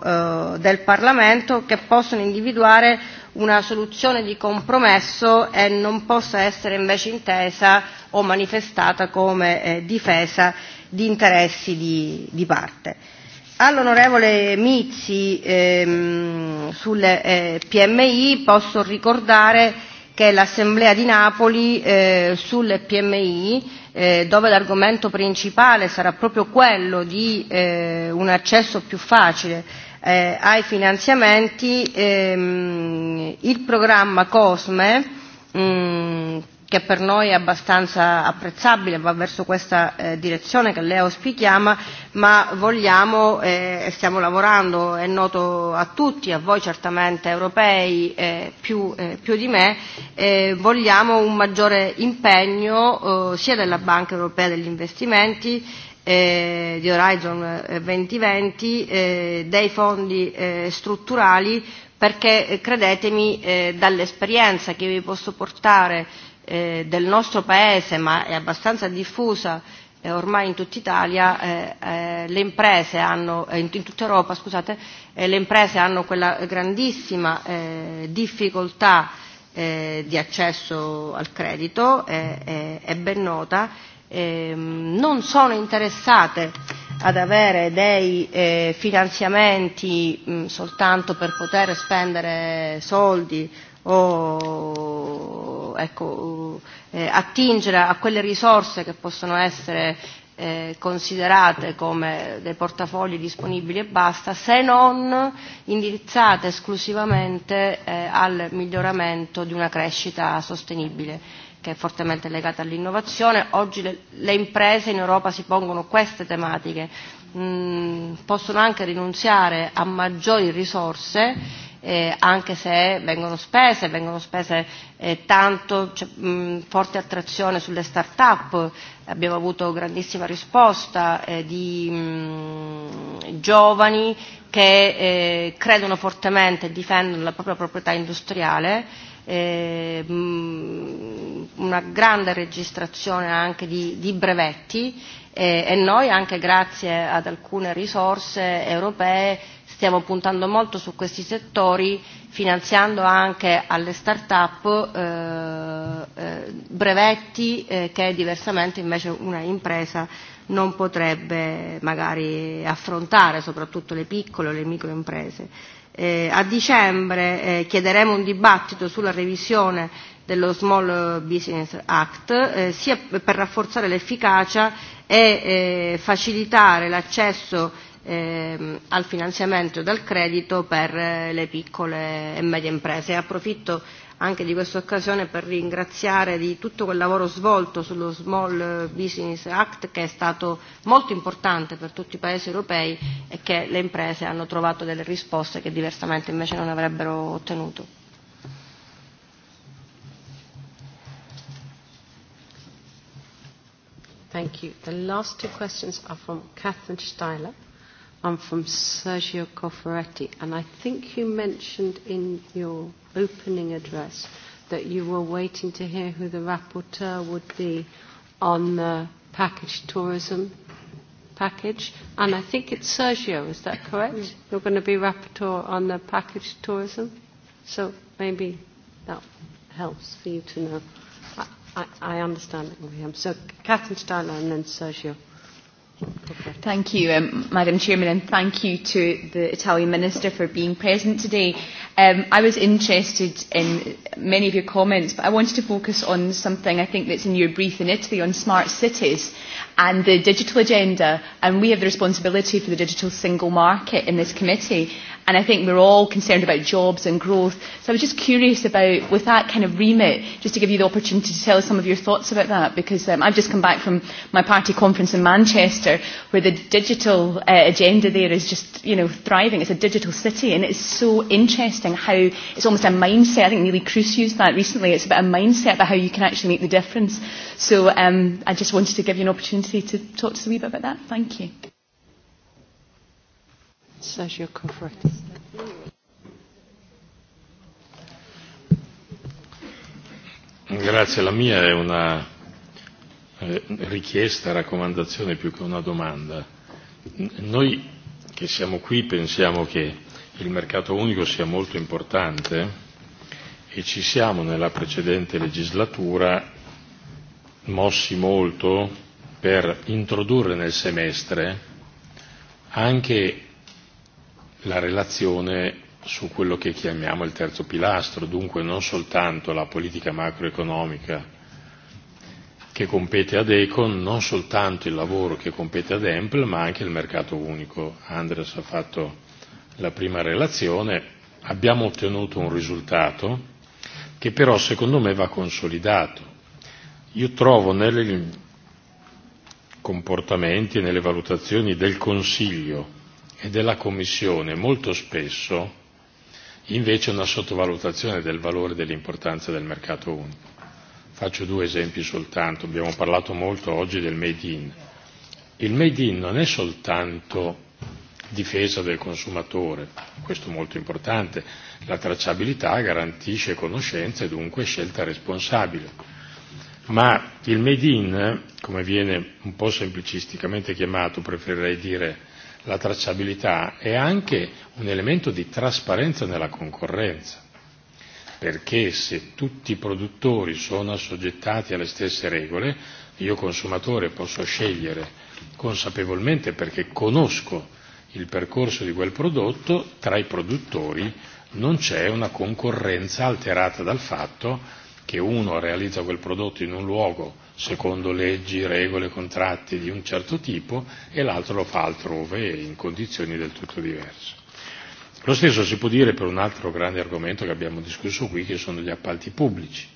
eh, del Parlamento che possono individuare una soluzione di compromesso e non possa essere invece intesa o manifestata come eh, difesa di interessi di, di parte. All'onorevole Mizzi ehm, sul eh, PMI posso ricordare che l'Assemblea di Napoli eh, sul PMI eh, dove l'argomento principale sarà proprio quello di eh, un accesso più facile eh, ai finanziamenti, ehm, il programma COSME mh, mm, che per noi è abbastanza apprezzabile, va verso questa eh, direzione che lei auspichiamo, ma vogliamo eh, e eh, stiamo lavorando, è noto a tutti, a voi certamente europei eh, più, eh, più di me, eh, vogliamo un maggiore impegno eh, sia della Banca Europea degli Investimenti eh, di Horizon 2020, eh, eh, dei fondi eh, strutturali perché eh, credetemi eh, dall'esperienza che vi posso portare eh, del nostro Paese, ma è abbastanza diffusa eh, ormai in tutta Italia, eh, eh, le imprese hanno, eh, in tutta Europa scusate, eh, le imprese hanno quella grandissima eh, difficoltà eh, di accesso al credito, eh, eh, è ben nota, eh, non sono interessate ad avere dei eh, finanziamenti mh, soltanto per poter spendere soldi o ecco, eh, attingere a quelle risorse che possono essere eh, considerate come dei portafogli disponibili e basta, se non indirizzate esclusivamente eh, al miglioramento di una crescita sostenibile che è fortemente legata all'innovazione. Oggi le, le imprese in Europa si pongono queste tematiche, mm, possono anche rinunziare a maggiori risorse eh, anche se vengono spese, vengono spese eh, tanto, c'è mh, mm, forte attrazione sulle start-up, abbiamo avuto grandissima risposta eh, di mh, mm, giovani che eh, credono fortemente e difendono la propria proprietà industriale, eh, mh, mm, una grande registrazione anche di, di brevetti eh, e noi anche grazie ad alcune risorse europee stiamo puntando molto su questi settori, finanziando anche alle start-up eh, eh, brevetti eh, che diversamente invece una impresa non potrebbe magari affrontare, soprattutto le piccole o le microimprese. Eh, a dicembre eh, chiederemo un dibattito sulla revisione dello Small Business Act, eh, sia per rafforzare l'efficacia e eh, facilitare l'accesso eh, al finanziamento del credito per eh, le piccole e medie imprese. E approfitto anche di questa occasione per ringraziare di tutto quel lavoro svolto sullo Small Business Act che è stato molto importante per tutti i paesi europei e che le imprese hanno trovato delle risposte che diversamente invece non avrebbero ottenuto. Thank you. The last two questions are from Catherine Steiler. I'm from Sergio Cofferetti, and I think you mentioned in your opening address that you were waiting to hear who the rapporteur would be on the package tourism package. And I think it's Sergio, is that correct? Mm. You're going to be rapporteur on the package tourism? So maybe that helps for you to know. I, I, I understand it, William. So Catherine Steiner and then Sergio. Thank you, um, Madam Chairman, and thank you to the Italian Minister for being present today. Um, I was interested in many of your comments, but I wanted to focus on something I think that's in your brief in Italy on smart cities and the digital agenda. And we have the responsibility for the digital single market in this committee. And I think we're all concerned about jobs and growth. So I was just curious about, with that kind of remit, just to give you the opportunity to tell us some of your thoughts about that, because um, I've just come back from my party conference in Manchester Manchester, where the digital uh, agenda there is just, you know, thriving. It's a digital city and it's so interesting how it's almost a mindset. I think Neely Cruz used that recently. It's about a mindset about how you can actually make the difference. So um, I just wanted to give you an opportunity to talk to us a wee bit about that. Thank you. Sergio Grazie, la mia è una Eh, richiesta, raccomandazione più che una domanda. Noi che siamo qui pensiamo che il mercato unico sia molto importante e ci siamo nella precedente legislatura mossi molto per introdurre nel semestre anche la relazione su quello che chiamiamo il terzo pilastro, dunque non soltanto la politica macroeconomica che compete ad Econ, non soltanto il lavoro che compete ad EMPL ma anche il mercato unico. Andres ha fatto la prima relazione, abbiamo ottenuto un risultato che però secondo me va consolidato. Io trovo nelle comportamenti e nelle valutazioni del Consiglio e della Commissione molto spesso invece una sottovalutazione del valore e dell'importanza del mercato unico. Faccio due esempi soltanto, abbiamo parlato molto oggi del Made in. Il Made in non è soltanto difesa del consumatore, questo è molto importante, la tracciabilità garantisce conoscenza e dunque scelta responsabile. Ma il made in, come viene un po' semplicisticamente chiamato, preferirei dire la tracciabilità, è anche un elemento di trasparenza nella concorrenza perché se tutti i produttori sono assoggettati alle stesse regole, io consumatore posso scegliere consapevolmente perché conosco il percorso di quel prodotto, tra i produttori non c'è una concorrenza alterata dal fatto che uno realizza quel prodotto in un luogo secondo leggi, regole, contratti di un certo tipo e l'altro lo fa altrove in condizioni del tutto diverse. Lo stesso si può dire per un altro grande argomento che abbiamo discusso qui, che sono gli appalti pubblici.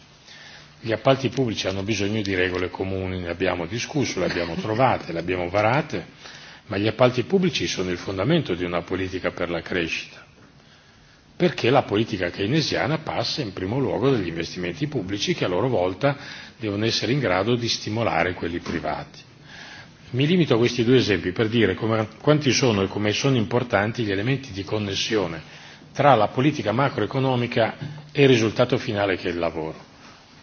Gli appalti pubblici hanno bisogno di regole comuni, ne abbiamo discusso, le abbiamo trovate, le abbiamo varate, ma gli appalti pubblici sono il fondamento di una politica per la crescita, perché la politica keynesiana passa in primo luogo dagli investimenti pubblici che a loro volta devono essere in grado di stimolare quelli privati. Mi limito a questi due esempi per dire come, quanti sono e come sono importanti gli elementi di connessione tra la politica macroeconomica e il risultato finale che è il lavoro.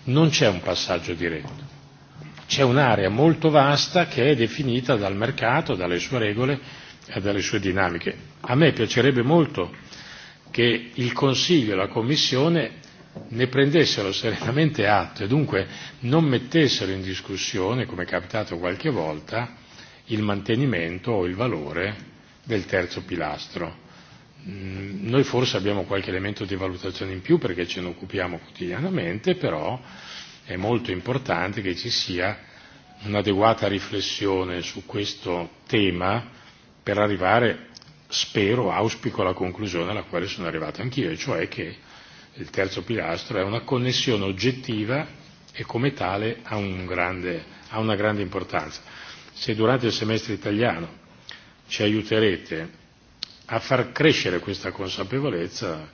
Non c'è un passaggio diretto, c'è un'area molto vasta che è definita dal mercato, dalle sue regole e dalle sue dinamiche. A me piacerebbe molto che il Consiglio e la Commissione ne prendessero serenamente atto e dunque non mettessero in discussione, come è capitato qualche volta, il mantenimento o il valore del terzo pilastro. Mm, noi forse abbiamo qualche elemento di valutazione in più perché ce ne occupiamo quotidianamente, però è molto importante che ci sia un'adeguata riflessione su questo tema per arrivare, spero, auspico alla conclusione alla quale sono arrivato anch'io, e cioè che il terzo pilastro è una connessione oggettiva e come tale ha, un grande, ha una grande importanza se durante il semestre italiano ci aiuterete a far crescere questa consapevolezza,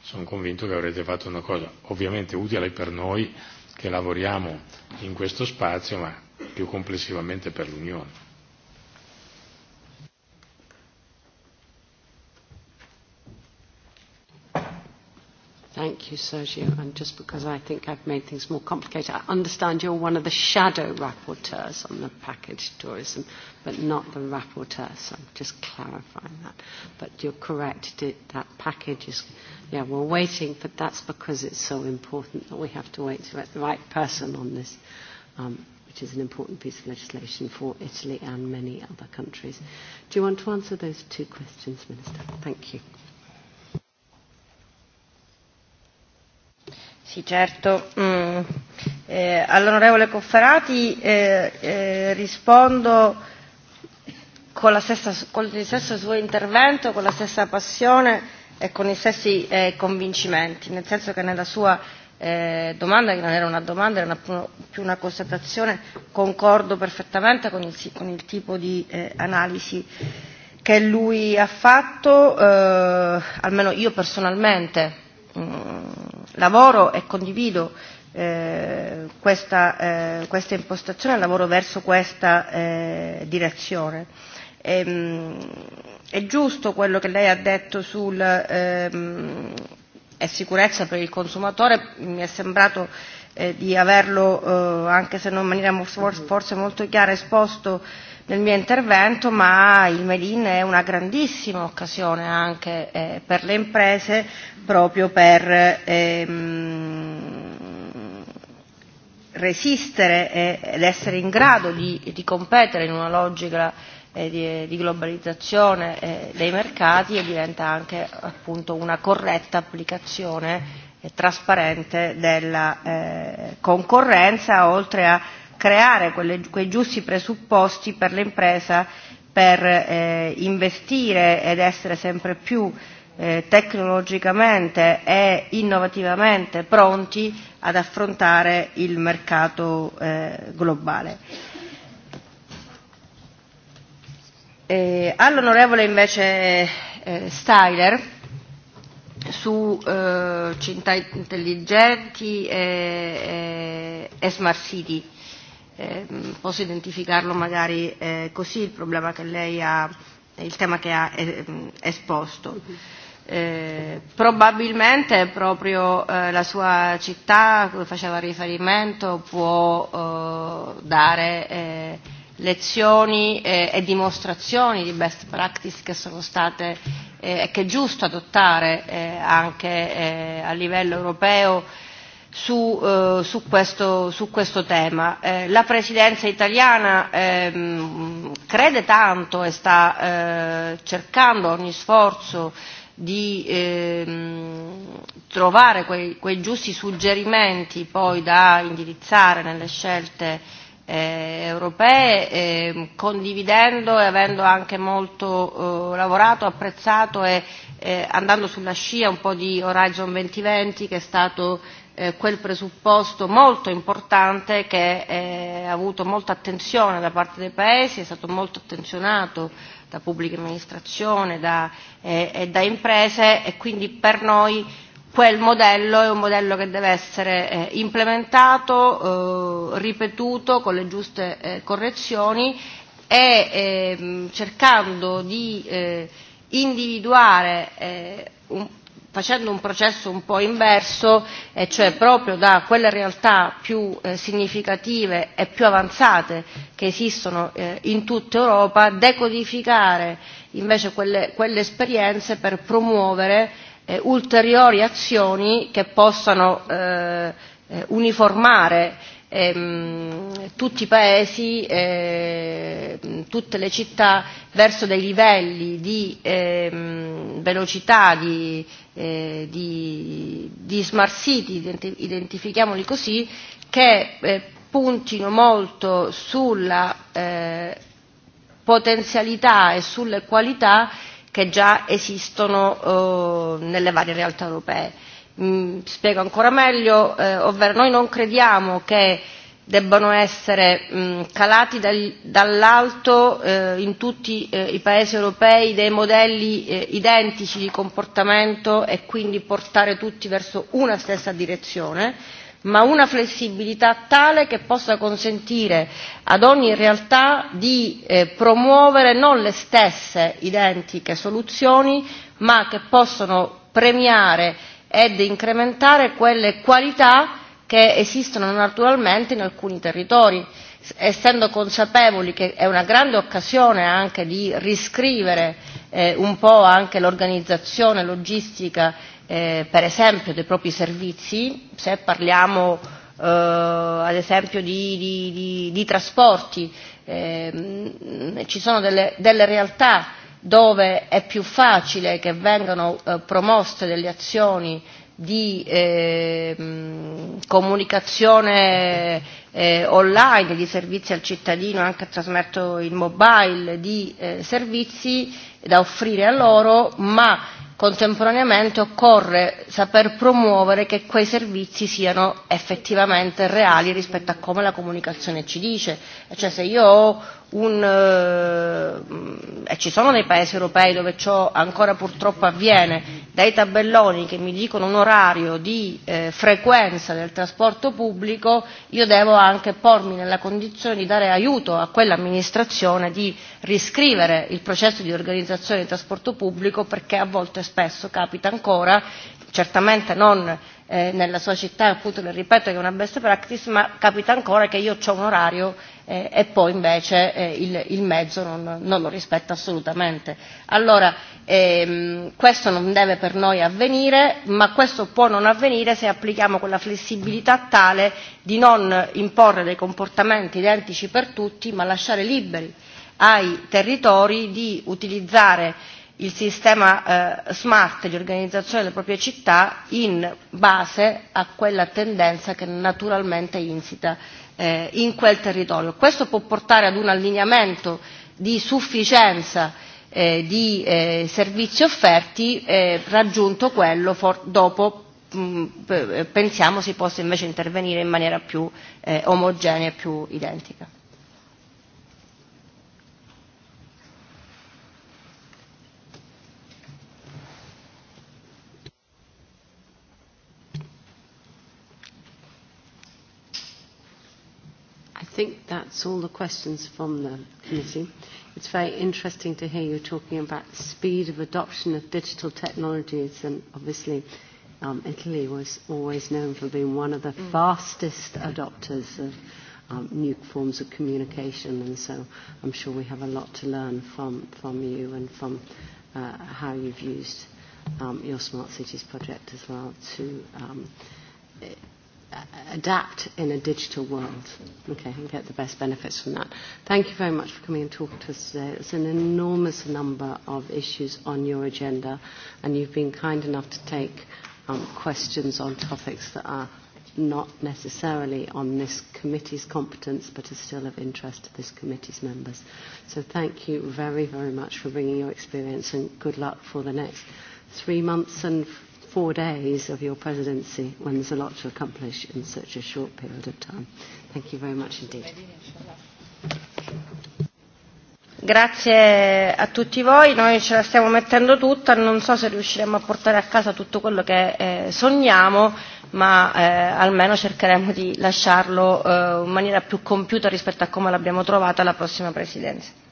sono convinto che avrete fatto una cosa ovviamente utile per noi che lavoriamo in questo spazio, ma più complessivamente per l'Unione. Thank you, Sergio. And just because I think I've made things more complicated, I understand you're one of the shadow rapporteurs on the package tourism, but not the rapporteur, so I'm just clarifying that. But you're correct, it, that package is, yeah, we're waiting, but that's because it's so important that we have to wait to get the right person on this, um, which is an important piece of legislation for Italy and many other countries. Do you want to answer those two questions, Minister? Thank you. Sì, certo. Mm. Eh, All'onorevole Cofferati eh, eh, rispondo con, la stessa, con il stesso suo intervento, con la stessa passione e con i stessi eh, convincimenti, nel senso che nella sua eh, domanda, che non era una domanda, era una, più una constatazione, concordo perfettamente con il, con il tipo di eh, analisi che lui ha fatto, eh, almeno io personalmente. Mm, lavoro e condivido eh, questa, eh, questa impostazione, lavoro verso questa eh, direzione. mh, ehm, è giusto quello che lei ha detto sul mh, ehm, è sicurezza per il consumatore, mi è sembrato eh, di averlo, eh, anche se non in maniera forse molto chiara, esposto nel mio intervento, ma il Melin è una grandissima occasione anche eh, per le imprese proprio per ehm, resistere e, ed essere in grado di, di competere in una logica eh, di, di globalizzazione eh, dei mercati e diventa anche appunto una corretta applicazione eh, trasparente della eh, concorrenza oltre a creare quelle, quei giusti presupposti per l'impresa per eh, investire ed essere sempre più eh, tecnologicamente e innovativamente pronti ad affrontare il mercato eh, globale. Eh, All'onorevole invece eh, Styler su eh, città intelligenti e, e, e smart city eh, posso identificarlo magari eh, così il problema che lei ha, il tema che ha eh, ehm, esposto. Eh, probabilmente proprio eh, la sua città a cui faceva riferimento può eh, dare eh, lezioni eh, e dimostrazioni di best practice che sono state eh, e eh, che è giusto adottare eh, anche eh, a livello europeo su, uh, su, questo, su questo tema. Eh, la Presidenza italiana ehm, crede tanto e sta eh, cercando ogni sforzo di ehm, trovare quei, quei giusti suggerimenti poi da indirizzare nelle scelte eh, europee, eh, condividendo e avendo anche molto eh, lavorato, apprezzato e eh, andando sulla scia un po' di Horizon 2020 che è stato eh, eh, quel presupposto molto importante che eh, ha avuto molta attenzione da parte dei paesi, è stato molto attenzionato da pubblica amministrazione da, eh, e da imprese e quindi per noi quel modello è un modello che deve essere eh, implementato, eh, ripetuto con le giuste eh, correzioni e eh, cercando di eh, individuare eh, un facendo un processo un po' inverso, e cioè proprio da quelle realtà più eh, significative e più avanzate che esistono eh, in tutta Europa, decodificare invece quelle, quelle esperienze per promuovere eh, ulteriori azioni che possano eh, eh uniformare ehm, tutti i paesi, ehm, tutte le città verso dei livelli di ehm, velocità, di, eh, di, di smart city, identifichiamoli così, che eh, puntino molto sulla eh, potenzialità e sulle qualità che già esistono eh, nelle varie realtà europee mh, mm, spiego ancora meglio, eh, ovvero noi non crediamo che debbano essere mh, mm, calati dal, dall'alto eh, in tutti eh, i paesi europei dei modelli eh, identici di comportamento e quindi portare tutti verso una stessa direzione, ma una flessibilità tale che possa consentire ad ogni realtà di eh, promuovere non le stesse identiche soluzioni, ma che possano premiare di incrementare quelle qualità che esistono naturalmente in alcuni territori, essendo consapevoli che è una grande occasione anche di riscrivere eh, un po' anche l'organizzazione logistica, eh, per esempio, dei propri servizi, se parliamo eh, ad esempio di, di, di, di trasporti, eh, ci sono delle, delle realtà dove è più facile che vengano eh, promosse delle azioni di eh, comunicazione eh, online, di servizi al cittadino anche trasmetto il mobile, di eh, servizi da offrire a loro, ma contemporaneamente occorre saper promuovere che quei servizi siano effettivamente reali rispetto a come la comunicazione ci dice. Cioè se io ho un, eh, e ci sono dei paesi europei dove ciò ancora purtroppo avviene, dai tabelloni che mi dicono un orario di eh, frequenza del trasporto pubblico, io devo anche pormi nella condizione di dare aiuto a quell'amministrazione di riscrivere il processo di organizzazione del trasporto pubblico perché a volte spesso capita ancora, certamente non eh, nella sua città, appunto le ripeto che è una best practice, ma capita ancora che io ho un orario eh, e poi invece eh, il, il mezzo non, non lo rispetta assolutamente. Allora ehm, questo non deve per noi avvenire, ma questo può non avvenire se applichiamo quella flessibilità tale di non imporre dei comportamenti identici per tutti, ma lasciare liberi ai territori di utilizzare il sistema eh, smart di organizzazione delle proprie città in base a quella tendenza che naturalmente insita eh, in quel territorio. Questo può portare ad un allineamento di sufficienza eh, di eh, servizi offerti eh, raggiunto quello for- dopo mh, mm, pensiamo si possa invece intervenire in maniera più eh, omogenea e più identica. think that's all the questions from the committee. It's very interesting to hear you talking about the speed of adoption of digital technologies and obviously um, Italy was always known for being one of the mm. fastest adopters of um, new forms of communication and so I'm sure we have a lot to learn from, from you and from uh, how you've used um, your Smart Cities project as well to um, Uh, adapt in a digital world okay, and get the best benefits from that. Thank you very much for coming and talking to us today. There's an enormous number of issues on your agenda and you've been kind enough to take um, questions on topics that are not necessarily on this committee's competence but are still of interest to this committee's members. So thank you very, very much for bringing your experience and good luck for the next three months and four days of your presidency when there's a lot to accomplish in such a short period of time. Thank you very much indeed. Grazie a tutti voi, noi ce la stiamo mettendo tutta, non so se riusciremo a portare a casa tutto quello che eh, sogniamo, ma eh, almeno cercheremo di lasciarlo eh, in maniera più compiuta rispetto a come l'abbiamo trovata la prossima Presidenza.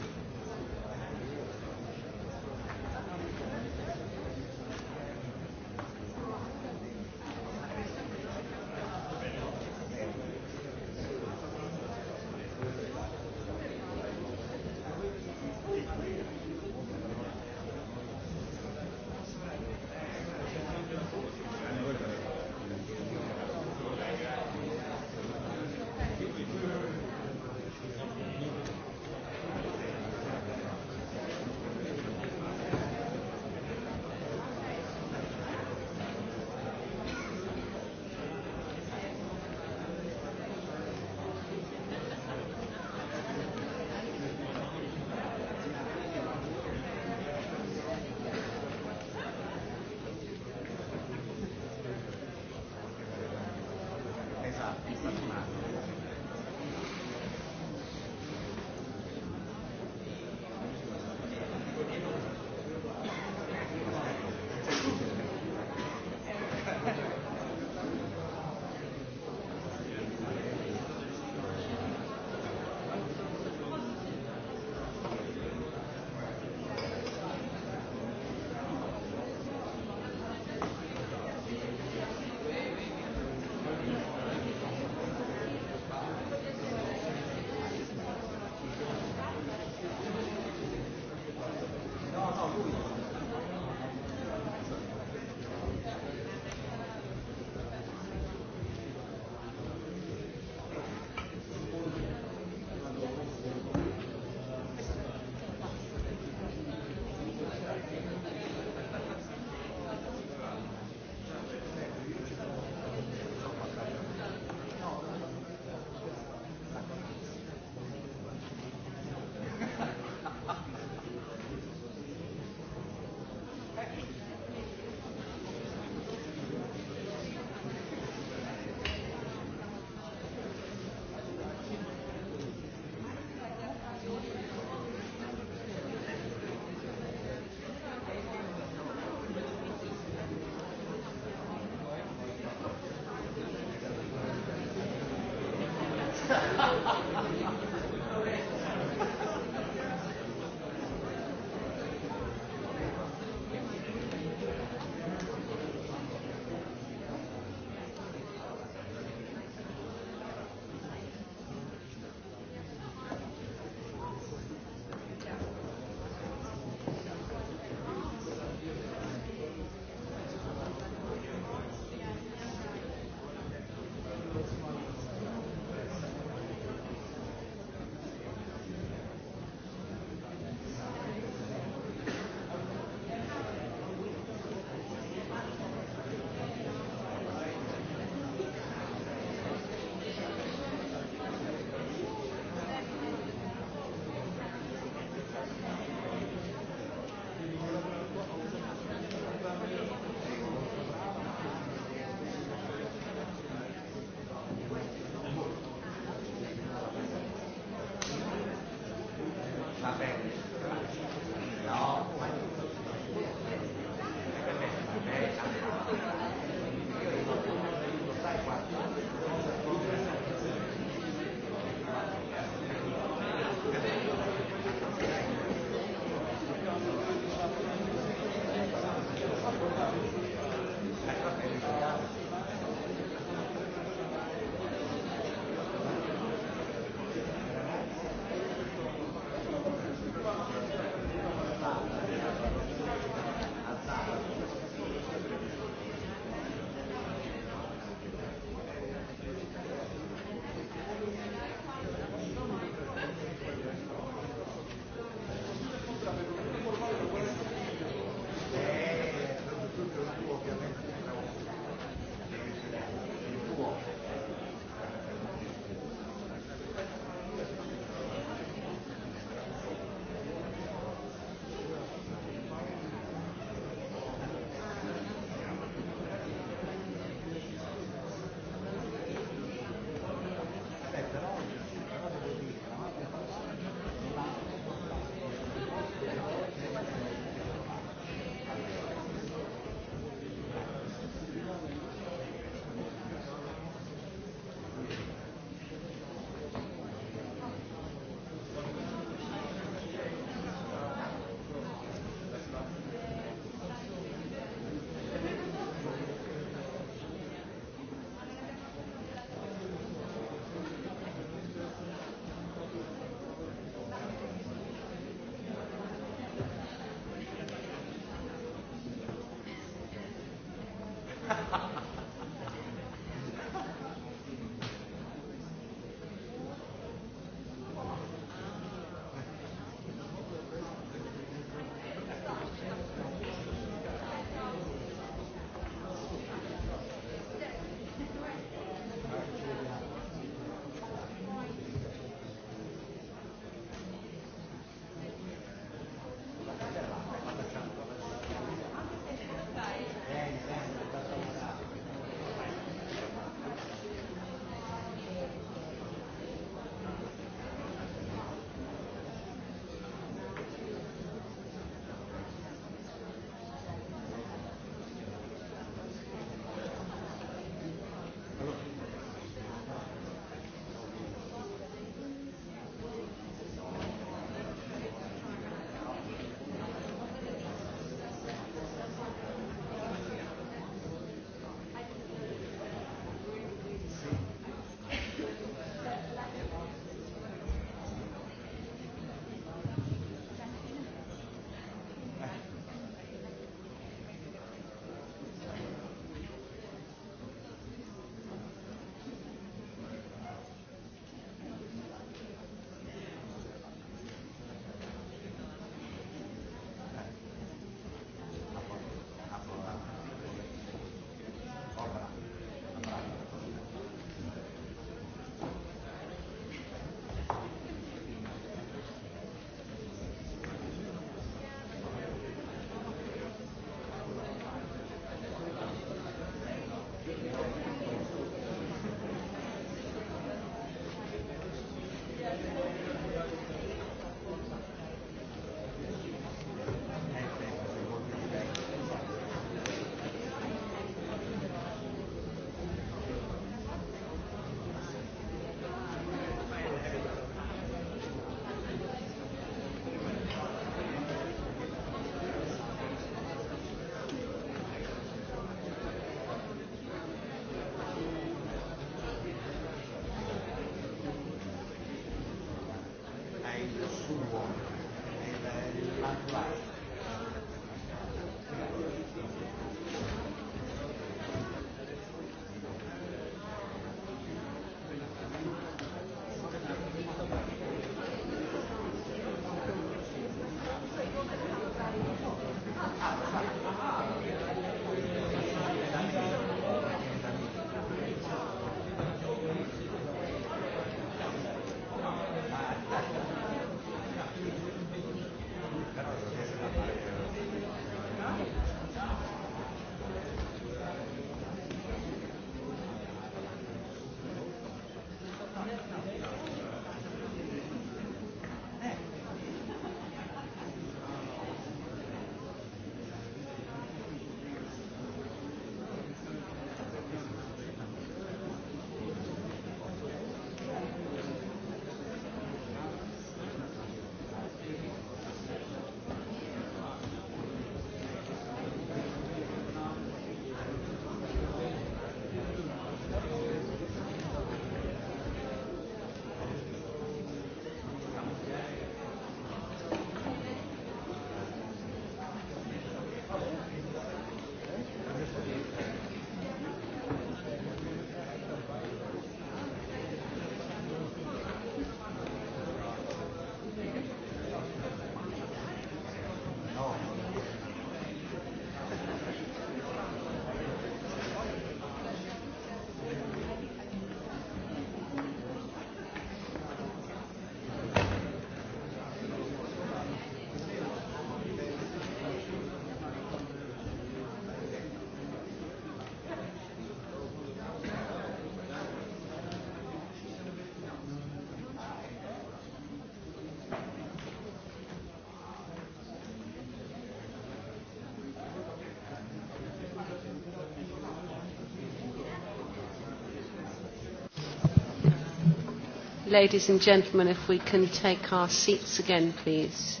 ladies and gentlemen, if we can take our seats again, please.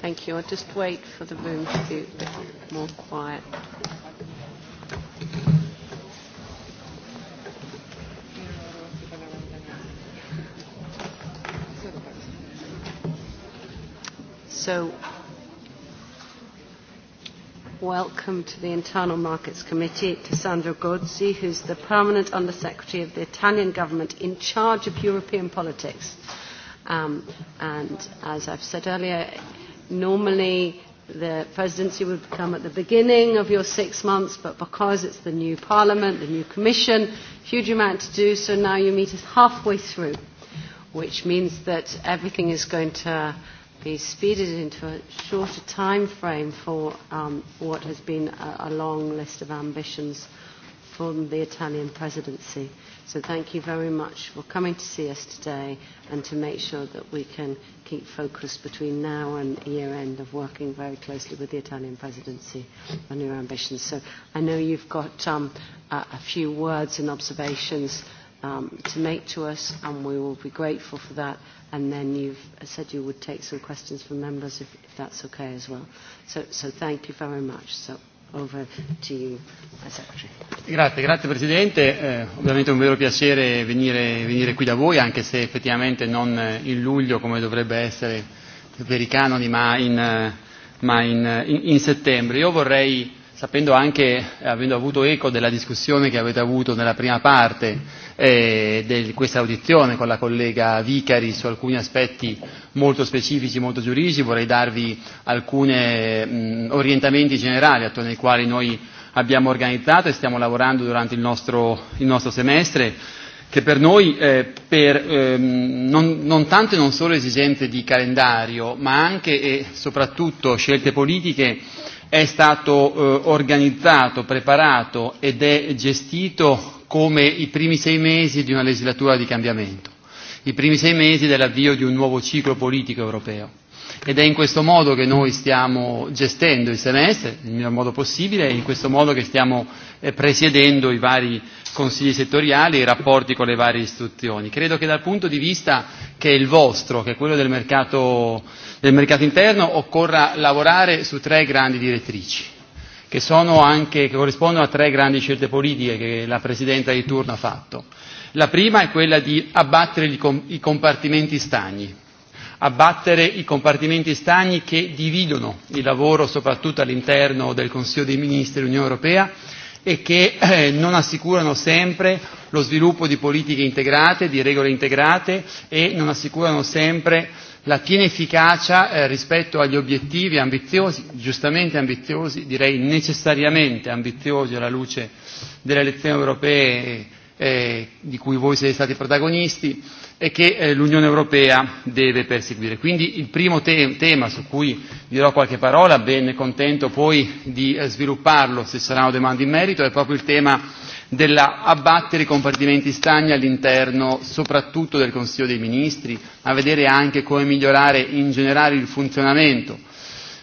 Thank you. I'll just wait for the room to be a bit more quiet. So welcome to the Internal Markets Committee to Sandro Gozzi, who's the permanent Undersecretary of the Italian government in charge of European politics. Um, and as I've said earlier, normally the presidency would come at the beginning of your six months, but because it's the new parliament, the new commission, huge amount to do, so now you meet us halfway through, which means that everything is going to be speeded into a shorter time frame for um, what has been a, a long list of ambitions from the Italian presidency. So thank you very much for coming to see us today and to make sure that we can keep focus between now and year end of working very closely with the Italian presidency on your ambitions. So I know you've got um, a, a few words and observations um, to make to us, and we will be grateful for that. And then you've said you would take some questions from members, if, if that's okay as well. So, so thank you very much. So over to you, Secretary. Grazie, grazie Presidente. Eh, ovviamente è un vero piacere venire, venire qui da voi, anche se effettivamente non eh, in luglio come dovrebbe essere per i canoni, ma in, eh, ma in, eh, in, in settembre. Io vorrei sapendo anche, avendo avuto eco della discussione che avete avuto nella prima parte eh, di questa audizione con la collega Vicari su alcuni aspetti molto specifici, molto giuridici, vorrei darvi alcuni orientamenti generali attorno ai quali noi abbiamo organizzato e stiamo lavorando durante il nostro, il nostro semestre che per noi eh, per, ehm, non, non tanto e non solo esigenze di calendario ma anche e soprattutto scelte politiche è stato eh, organizzato, preparato ed è gestito come i primi sei mesi di una legislatura di cambiamento, i primi sei mesi dell'avvio di un nuovo ciclo politico europeo ed è in questo modo che noi stiamo gestendo il semestre, nel miglior modo possibile, e in questo modo che stiamo eh, presiedendo i vari consigli settoriali e i rapporti con le varie istituzioni. Credo che dal punto di vista che è il vostro, che è quello del mercato, del mercato interno, occorra lavorare su tre grandi direttrici che, sono anche, che corrispondono a tre grandi scelte politiche che la Presidenta di turno ha fatto. La prima è quella di abbattere i compartimenti stagni, abbattere i compartimenti stagni che dividono il lavoro soprattutto all'interno del Consiglio dei Ministri dell'Unione Europea e che eh, non assicurano sempre lo sviluppo di politiche integrate, di regole integrate e non assicurano sempre la piena efficacia eh, rispetto agli obiettivi ambiziosi, giustamente ambiziosi, direi necessariamente ambiziosi alla luce delle elezioni europee eh, di cui voi siete stati protagonisti e che eh, l'Unione Europea deve perseguire. Quindi il primo te tema su cui dirò qualche parola, ben contento poi di eh, svilupparlo se saranno domande in merito, è proprio il tema dell'abbattere i compartimenti stagni all'interno soprattutto del Consiglio dei Ministri, a vedere anche come migliorare in generale il funzionamento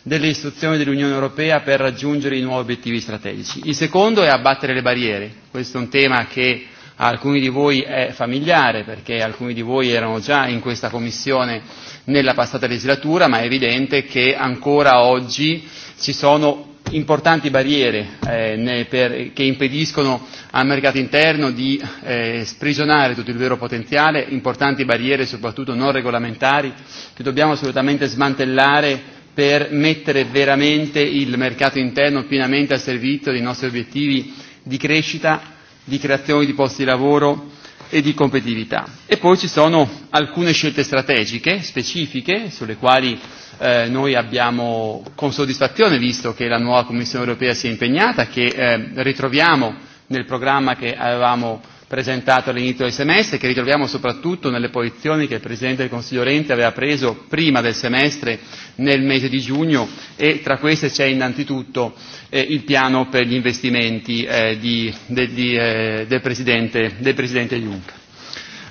delle istituzioni dell'Unione Europea per raggiungere i nuovi obiettivi strategici. Il secondo è abbattere le barriere, questo è un tema che a alcuni di voi è familiare perché alcuni di voi erano già in questa Commissione nella passata legislatura, ma è evidente che ancora oggi ci sono importanti barriere eh, ne, per, che impediscono al mercato interno di eh, sprigionare tutto il vero potenziale, importanti barriere soprattutto non regolamentari che dobbiamo assolutamente smantellare per mettere veramente il mercato interno pienamente al servizio dei nostri obiettivi di crescita di creazione di posti di lavoro e di competitività. E poi ci sono alcune scelte strategiche specifiche sulle quali eh, noi abbiamo con soddisfazione visto che la nuova Commissione europea si è impegnata, che eh, ritroviamo nel programma che avevamo presentato all'inizio del semestre, che ritroviamo soprattutto nelle posizioni che il Presidente del Consiglio Rente aveva preso prima del semestre nel mese di giugno e tra queste c'è innanzitutto eh, il piano per gli investimenti eh, di, de, di, eh, del, Presidente, del Presidente Juncker.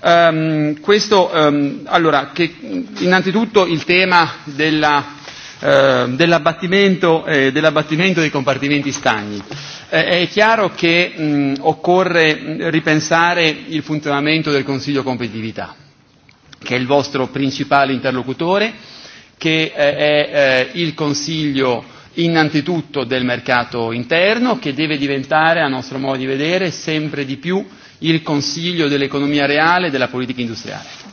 Um, questo, um, allora, che, innanzitutto il tema della Ehm, eh, dell'abbattimento eh, dei compartimenti stagni. Eh, è chiaro che mh, occorre ripensare il funzionamento del Consiglio Competitività, che è il vostro principale interlocutore, che eh, è eh, il Consiglio innanzitutto del mercato interno, che deve diventare, a nostro modo di vedere, sempre di più il Consiglio dell'economia reale e della politica industriale.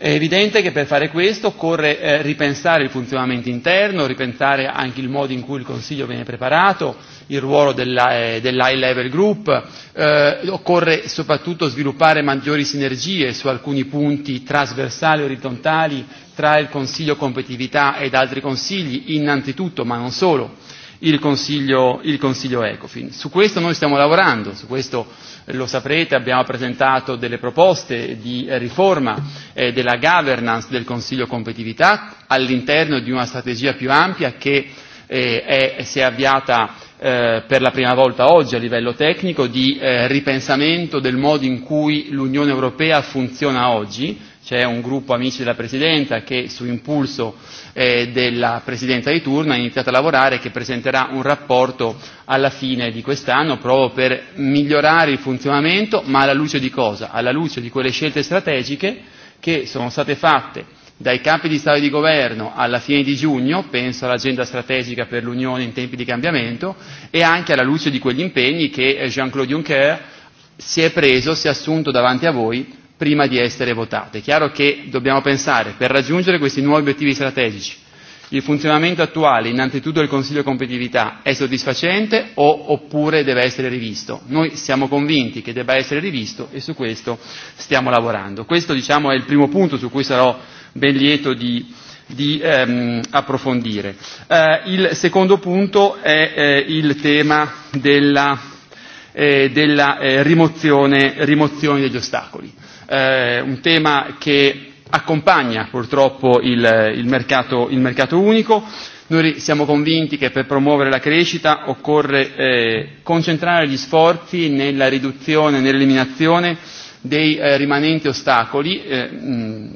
È evidente che per fare questo occorre eh, ripensare il funzionamento interno, ripensare anche il modo in cui il Consiglio viene preparato, il ruolo della, eh, dell'high level group, eh, occorre soprattutto sviluppare maggiori sinergie su alcuni punti trasversali e orizzontali tra il Consiglio competitività ed altri consigli, innanzitutto ma non solo il Consiglio, il consiglio Ecofin. Su questo noi stiamo lavorando, su questo lo saprete abbiamo presentato delle proposte di riforma eh, della governance del Consiglio Competitività all'interno di una strategia più ampia che eh, è, si è avviata eh, per la prima volta oggi a livello tecnico di eh, ripensamento del modo in cui l'Unione Europea funziona oggi C'è un gruppo amici della Presidenta che su impulso eh, della Presidenza di turno ha iniziato a lavorare e che presenterà un rapporto alla fine di quest'anno proprio per migliorare il funzionamento, ma alla luce di cosa? Alla luce di quelle scelte strategiche che sono state fatte dai capi di Stato e di Governo alla fine di giugno, penso all'agenda strategica per l'Unione in tempi di cambiamento, e anche alla luce di quegli impegni che Jean-Claude Juncker si è preso, si è assunto davanti a voi prima di essere votate. È chiaro che dobbiamo pensare, per raggiungere questi nuovi obiettivi strategici, il funzionamento attuale, innanzitutto del Consiglio di competitività, è soddisfacente o, oppure deve essere rivisto? Noi siamo convinti che debba essere rivisto e su questo stiamo lavorando. Questo diciamo, è il primo punto su cui sarò ben lieto di, di ehm, approfondire. Eh, il secondo punto è eh, il tema della, eh, della eh, rimozione, rimozione degli ostacoli eh, un tema che accompagna purtroppo il, il, mercato, il mercato unico. Noi siamo convinti che per promuovere la crescita occorre eh, concentrare gli sforzi nella riduzione, nell'eliminazione dei eh, rimanenti ostacoli eh,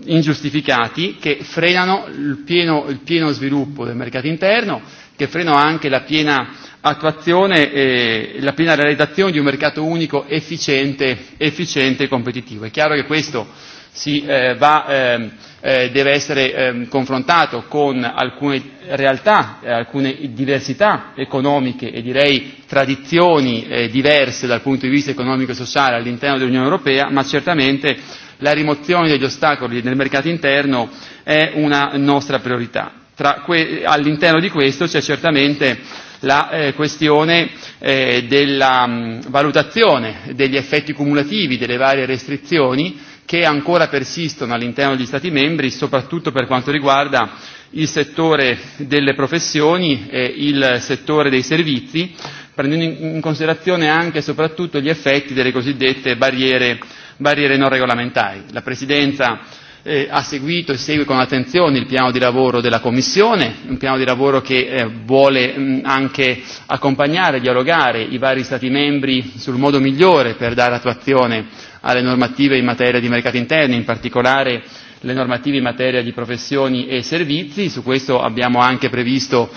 ingiustificati che frenano il pieno, il pieno sviluppo del mercato interno che frenò anche la piena attuazione e la piena realizzazione di un mercato unico efficiente, efficiente e competitivo. È chiaro che questo si eh, va, ehm, eh, deve essere eh, confrontato con alcune realtà, alcune diversità economiche e direi tradizioni eh, diverse dal punto di vista economico e sociale all'interno dell'Unione Europea, ma certamente la rimozione degli ostacoli nel mercato interno è una nostra priorità. Tra que, all'interno di questo c'è certamente la eh, questione eh, della mh, mm, valutazione degli effetti cumulativi delle varie restrizioni che ancora persistono all'interno degli Stati membri, soprattutto per quanto riguarda il settore delle professioni e il settore dei servizi, prendendo in considerazione anche e soprattutto gli effetti delle cosiddette barriere, barriere non regolamentari. La Presidenza eh, ha seguito e segue con attenzione il piano di lavoro della Commissione, un piano di lavoro che eh, vuole mh, mm, anche accompagnare, dialogare i vari Stati membri sul modo migliore per dare attuazione alle normative in materia di mercati interni, in particolare le normative in materia di professioni e servizi. Su questo abbiamo anche previsto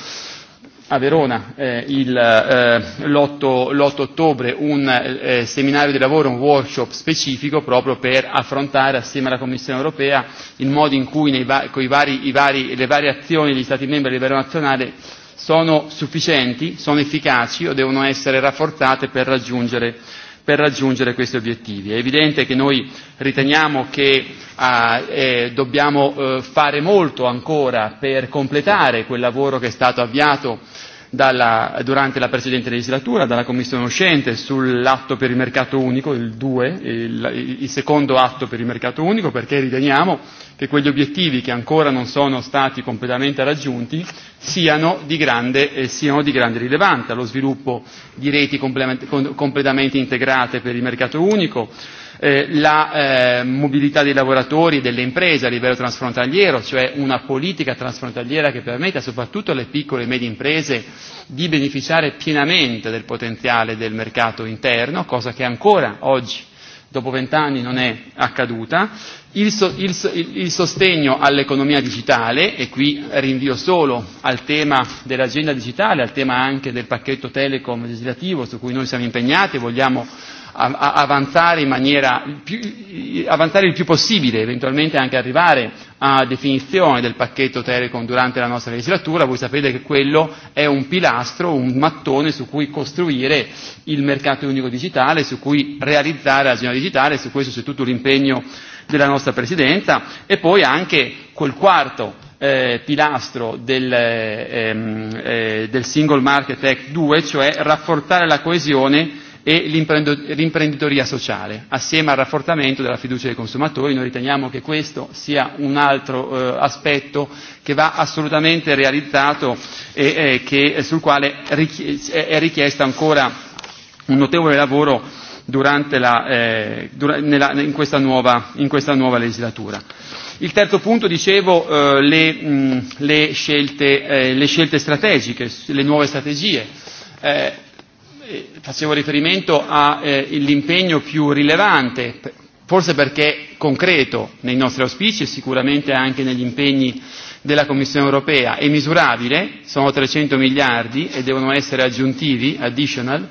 a Verona eh, il, eh, l'8 ottobre un eh, seminario di lavoro, un workshop specifico proprio per affrontare assieme alla Commissione europea il modo in cui nei con i vari, i vari, le varie azioni degli Stati membri a livello nazionale sono sufficienti, sono efficaci o devono essere rafforzate per raggiungere per raggiungere questi obiettivi. È evidente che noi riteniamo che eh, eh, dobbiamo eh, fare molto ancora per completare quel lavoro che è stato avviato dalla, durante la precedente legislatura dalla Commissione uscente sull'atto per il mercato unico, il 2, il, il secondo atto per il mercato unico, perché riteniamo che quegli obiettivi che ancora non sono stati completamente raggiunti siano di grande, eh, siano di grande rilevanza, lo sviluppo di reti completamente integrate per il mercato unico, Eh, la eh, mobilità dei lavoratori e delle imprese a livello transfrontaliero, cioè una politica transfrontaliera che permetta soprattutto alle piccole e medie imprese di beneficiare pienamente del potenziale del mercato interno, cosa che ancora oggi dopo vent'anni non è accaduta, il, so, il, il sostegno all'economia digitale, e qui rinvio solo al tema dell'agenda digitale, al tema anche del pacchetto telecom legislativo su cui noi siamo impegnati e vogliamo avanzare in maniera più, avanzare il più possibile, eventualmente anche arrivare a definizione del pacchetto Telecom durante la nostra legislatura, voi sapete che quello è un pilastro, un mattone su cui costruire il mercato unico digitale, su cui realizzare la zona digitale, su questo c'è tutto l'impegno della nostra Presidenza e poi anche quel quarto eh, pilastro del, ehm, eh, del Single Market Act 2, cioè rafforzare la coesione e l'imprenditoria sociale, assieme al rafforzamento della fiducia dei consumatori. Noi riteniamo che questo sia un altro eh, aspetto che va assolutamente realizzato e eh, che, e sul quale richi è richiesto ancora un notevole lavoro durante la, eh, dura, nella, in, questa nuova, in questa nuova legislatura. Il terzo punto, dicevo, eh, le, mh, le, scelte, eh, le scelte strategiche, le nuove strategie. Eh, Eh, facevo riferimento all'impegno eh, più rilevante, forse perché concreto nei nostri auspici e sicuramente anche negli impegni della Commissione europea, è misurabile, sono 300 miliardi e devono essere aggiuntivi, additional,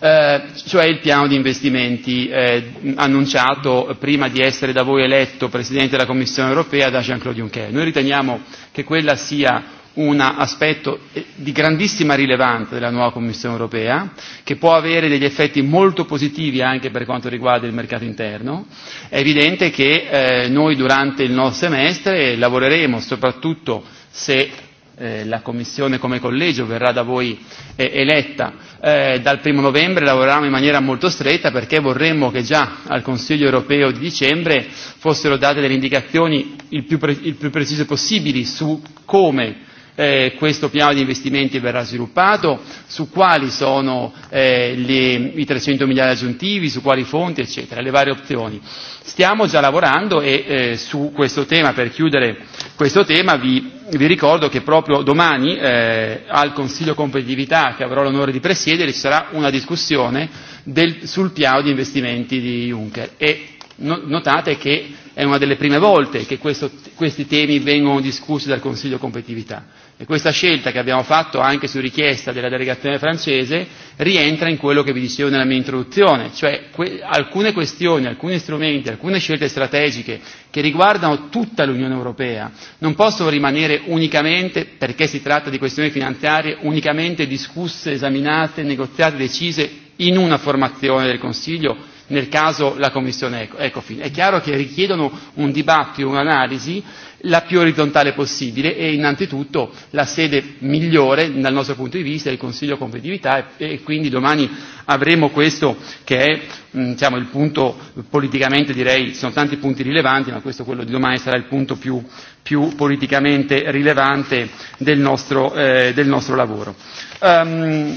eh, cioè il piano di investimenti eh, annunciato prima di essere da voi eletto Presidente della Commissione europea da Jean-Claude Juncker. Noi riteniamo che quella sia un aspetto eh, di grandissima rilevanza della nuova Commissione europea, che può avere degli effetti molto positivi anche per quanto riguarda il mercato interno. È evidente che eh, noi durante il nostro semestre lavoreremo soprattutto se eh, la Commissione come collegio verrà da voi eh, eletta eh, dal primo novembre lavoreremo in maniera molto stretta perché vorremmo che già al Consiglio europeo di dicembre fossero date delle indicazioni il più, pre- il più precise possibili su come eh, questo piano di investimenti verrà sviluppato, su quali sono eh, le, i 300 miliardi aggiuntivi, su quali fonti, eccetera, le varie opzioni. Stiamo già lavorando e eh, su questo tema, per chiudere questo tema, vi, vi ricordo che proprio domani eh, al Consiglio Competitività, che avrò l'onore di presiedere, ci sarà una discussione del, sul piano di investimenti di Juncker. E no, notate che è una delle prime volte che questo, questi temi vengono discussi dal Consiglio Competitività. E questa scelta che abbiamo fatto anche su richiesta della delegazione francese rientra in quello che vi dicevo nella mia introduzione, cioè que alcune questioni, alcuni strumenti, alcune scelte strategiche che riguardano tutta l'Unione Europea non possono rimanere unicamente, perché si tratta di questioni finanziarie, unicamente discusse, esaminate, negoziate, decise in una formazione del Consiglio, nel caso la Commissione Ecofin. È chiaro che richiedono un dibattito, un'analisi la più orizzontale possibile e innanzitutto la sede migliore dal nostro punto di vista è il Consiglio Competitività e, e quindi domani avremo questo che è mh, mm, diciamo, il punto politicamente direi, ci sono tanti punti rilevanti ma questo quello di domani sarà il punto più, più politicamente rilevante del nostro, eh, del nostro lavoro. Um,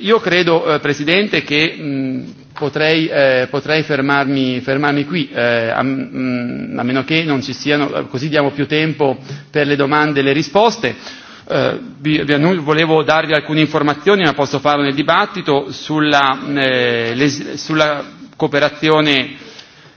io credo eh, Presidente che mh, mm, potrei, eh, potrei fermarmi, fermarmi qui, eh, a, mh, mm, a meno che non ci siano, così diamo più tempo per le domande e le risposte. Eh, vi, vi, volevo darvi alcune informazioni, ma posso farlo nel dibattito, sulla, eh, les, sulla cooperazione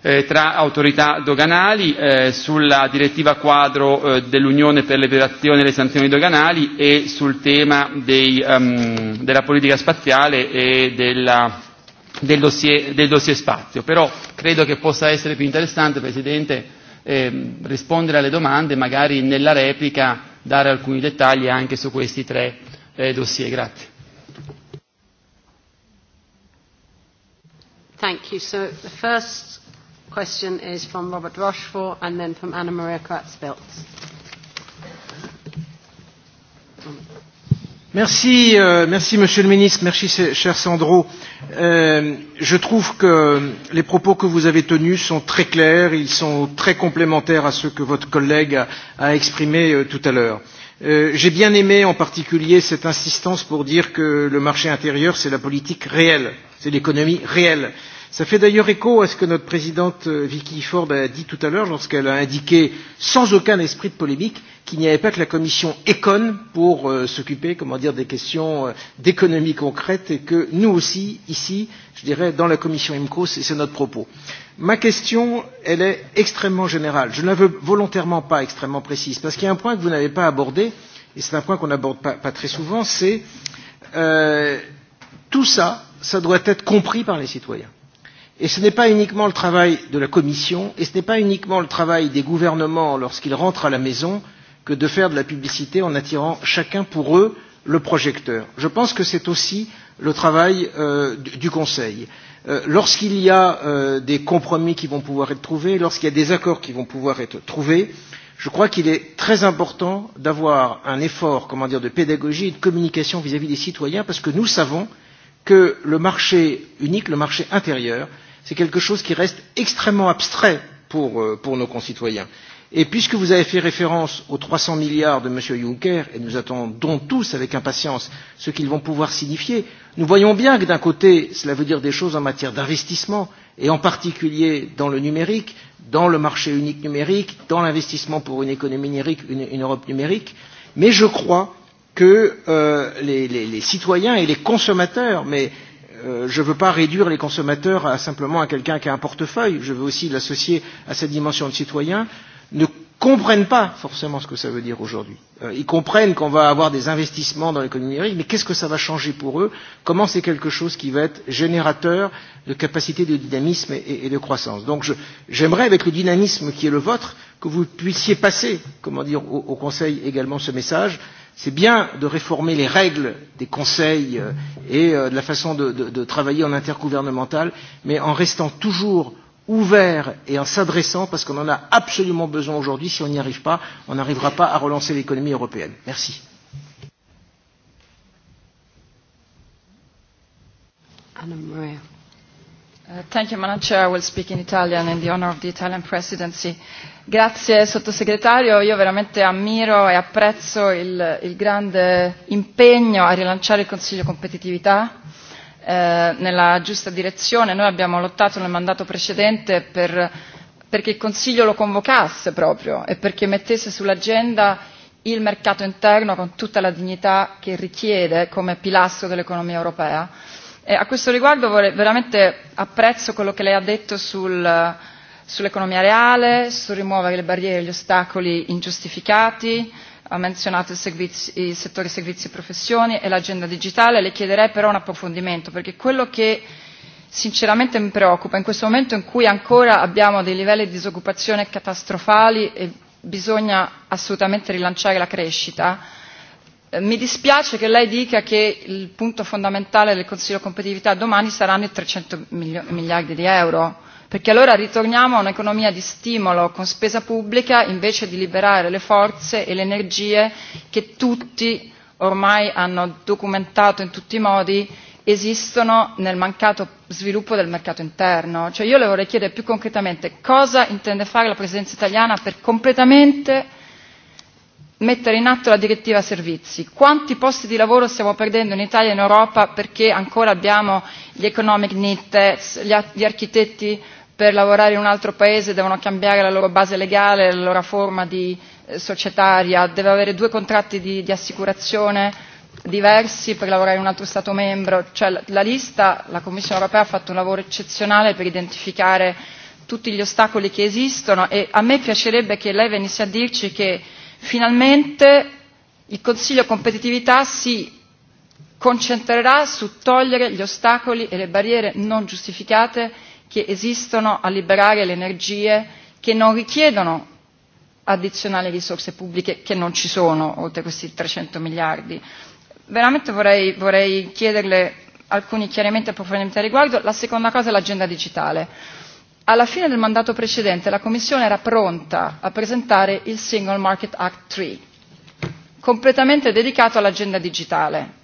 eh, tra autorità doganali, eh, sulla direttiva quadro eh, dell'Unione per operazioni e le sanzioni doganali e sul tema dei, um, della politica spaziale e della del dossier, del dossier spazio. Però credo che possa essere più interessante, Presidente, eh, rispondere alle domande, e magari nella replica dare alcuni dettagli anche su questi tre eh, dossier. Grazie. Thank you. So the first question is from Robert Rochefort and then from Anna Maria Kratzbilt. Merci, euh, merci Monsieur le Ministre, merci cher Sandro. Euh, je trouve que les propos que vous avez tenus sont très clairs, ils sont très complémentaires à ceux que votre collègue a, a exprimés euh, tout à l'heure. Euh, J'ai bien aimé en particulier cette insistance pour dire que le marché intérieur, c'est la politique réelle, c'est l'économie réelle. Ça fait d'ailleurs écho à ce que notre présidente euh, Vicky Ford a dit tout à l'heure lorsqu'elle a indiqué, sans aucun esprit de polémique, qu'il n'y avait pas que la commission Econ pour euh, s'occuper, comment dire, des questions euh, d'économie concrète et que nous aussi, ici, je dirais, dans la commission IMCO, c'est notre propos. Ma question, elle est extrêmement générale. Je ne la veux volontairement pas extrêmement précise parce qu'il y a un point que vous n'avez pas abordé et c'est un point qu'on n'aborde pas, pas très souvent, c'est euh, tout ça, ça doit être compris par les citoyens. Et ce n'est pas uniquement le travail de la Commission, et ce n'est pas uniquement le travail des gouvernements lorsqu'ils rentrent à la maison, que de faire de la publicité en attirant chacun pour eux le projecteur. Je pense que c'est aussi le travail euh, du Conseil. Euh, lorsqu'il y a euh, des compromis qui vont pouvoir être trouvés, lorsqu'il y a des accords qui vont pouvoir être trouvés, je crois qu'il est très important d'avoir un effort comment dire, de pédagogie et de communication vis-à-vis -vis des citoyens parce que nous savons que le marché unique, le marché intérieur, c'est quelque chose qui reste extrêmement abstrait pour, euh, pour nos concitoyens. Et puisque vous avez fait référence aux 300 milliards de M. Juncker, et nous attendons tous avec impatience ce qu'ils vont pouvoir signifier, nous voyons bien que d'un côté, cela veut dire des choses en matière d'investissement, et en particulier dans le numérique, dans le marché unique numérique, dans l'investissement pour une économie numérique, une, une Europe numérique, mais je crois que euh, les, les, les citoyens et les consommateurs, mais euh, je ne veux pas réduire les consommateurs à simplement à quelqu'un qui a un portefeuille, je veux aussi l'associer à cette dimension de citoyen, ne comprennent pas forcément ce que ça veut dire aujourd'hui. Euh, ils comprennent qu'on va avoir des investissements dans l'économie numérique, mais qu'est-ce que ça va changer pour eux Comment c'est quelque chose qui va être générateur de capacité de dynamisme et, et de croissance Donc j'aimerais, avec le dynamisme qui est le vôtre, que vous puissiez passer, comment dire, au, au Conseil également ce message. C'est bien de réformer les règles des conseils euh, et euh, de la façon de, de, de travailler en intergouvernemental, mais en restant toujours ouvert et en s'adressant, parce qu'on en a absolument besoin aujourd'hui. Si on n'y arrive pas, on n'arrivera pas à relancer l'économie européenne. Merci. Anna Maria. Uh, thank you, Madam Chair. I will speak in Italian in the honor of the Italian presidency. Grazie sottosegretario, io veramente ammiro e apprezzo il, il grande impegno a rilanciare il Consiglio Competitività eh, nella giusta direzione. Noi abbiamo lottato nel mandato precedente per, perché il Consiglio lo convocasse proprio e perché mettesse sull'agenda il mercato interno con tutta la dignità che richiede come pilastro dell'economia europea. E a questo riguardo vorrei, veramente apprezzo quello che lei ha detto sul, sull'economia reale, sul rimuovere le barriere e gli ostacoli ingiustificati, ha menzionato i, servizi, il settori servizi e professioni e l'agenda digitale, le chiederei però un approfondimento perché quello che sinceramente mi preoccupa in questo momento in cui ancora abbiamo dei livelli di disoccupazione catastrofali e bisogna assolutamente rilanciare la crescita, eh, mi dispiace che lei dica che il punto fondamentale del Consiglio competitività domani saranno i 300 miliardi di euro perché allora ritorniamo a un'economia di stimolo con spesa pubblica invece di liberare le forze e le energie che tutti ormai hanno documentato in tutti i modi esistono nel mancato sviluppo del mercato interno. Cioè io le vorrei chiedere più concretamente cosa intende fare la Presidenza italiana per completamente mettere in atto la direttiva servizi. Quanti posti di lavoro stiamo perdendo in Italia e in Europa perché ancora abbiamo gli economic knitters, gli architetti per lavorare in un altro paese devono cambiare la loro base legale, la loro forma di eh, societaria, deve avere due contratti di, di assicurazione diversi per lavorare in un altro Stato membro. Cioè, la lista, la Commissione europea ha fatto un lavoro eccezionale per identificare tutti gli ostacoli che esistono e a me piacerebbe che lei venisse a dirci che finalmente il Consiglio competitività si concentrerà su togliere gli ostacoli e le barriere non giustificate che esistono a liberare le energie che non richiedono addizionali risorse pubbliche che non ci sono, oltre questi 300 miliardi. Veramente vorrei, vorrei chiederle alcuni chiarimenti e approfondimenti a riguardo. La seconda cosa è l'agenda digitale. Alla fine del mandato precedente la Commissione era pronta a presentare il Single Market Act 3, completamente dedicato all'agenda digitale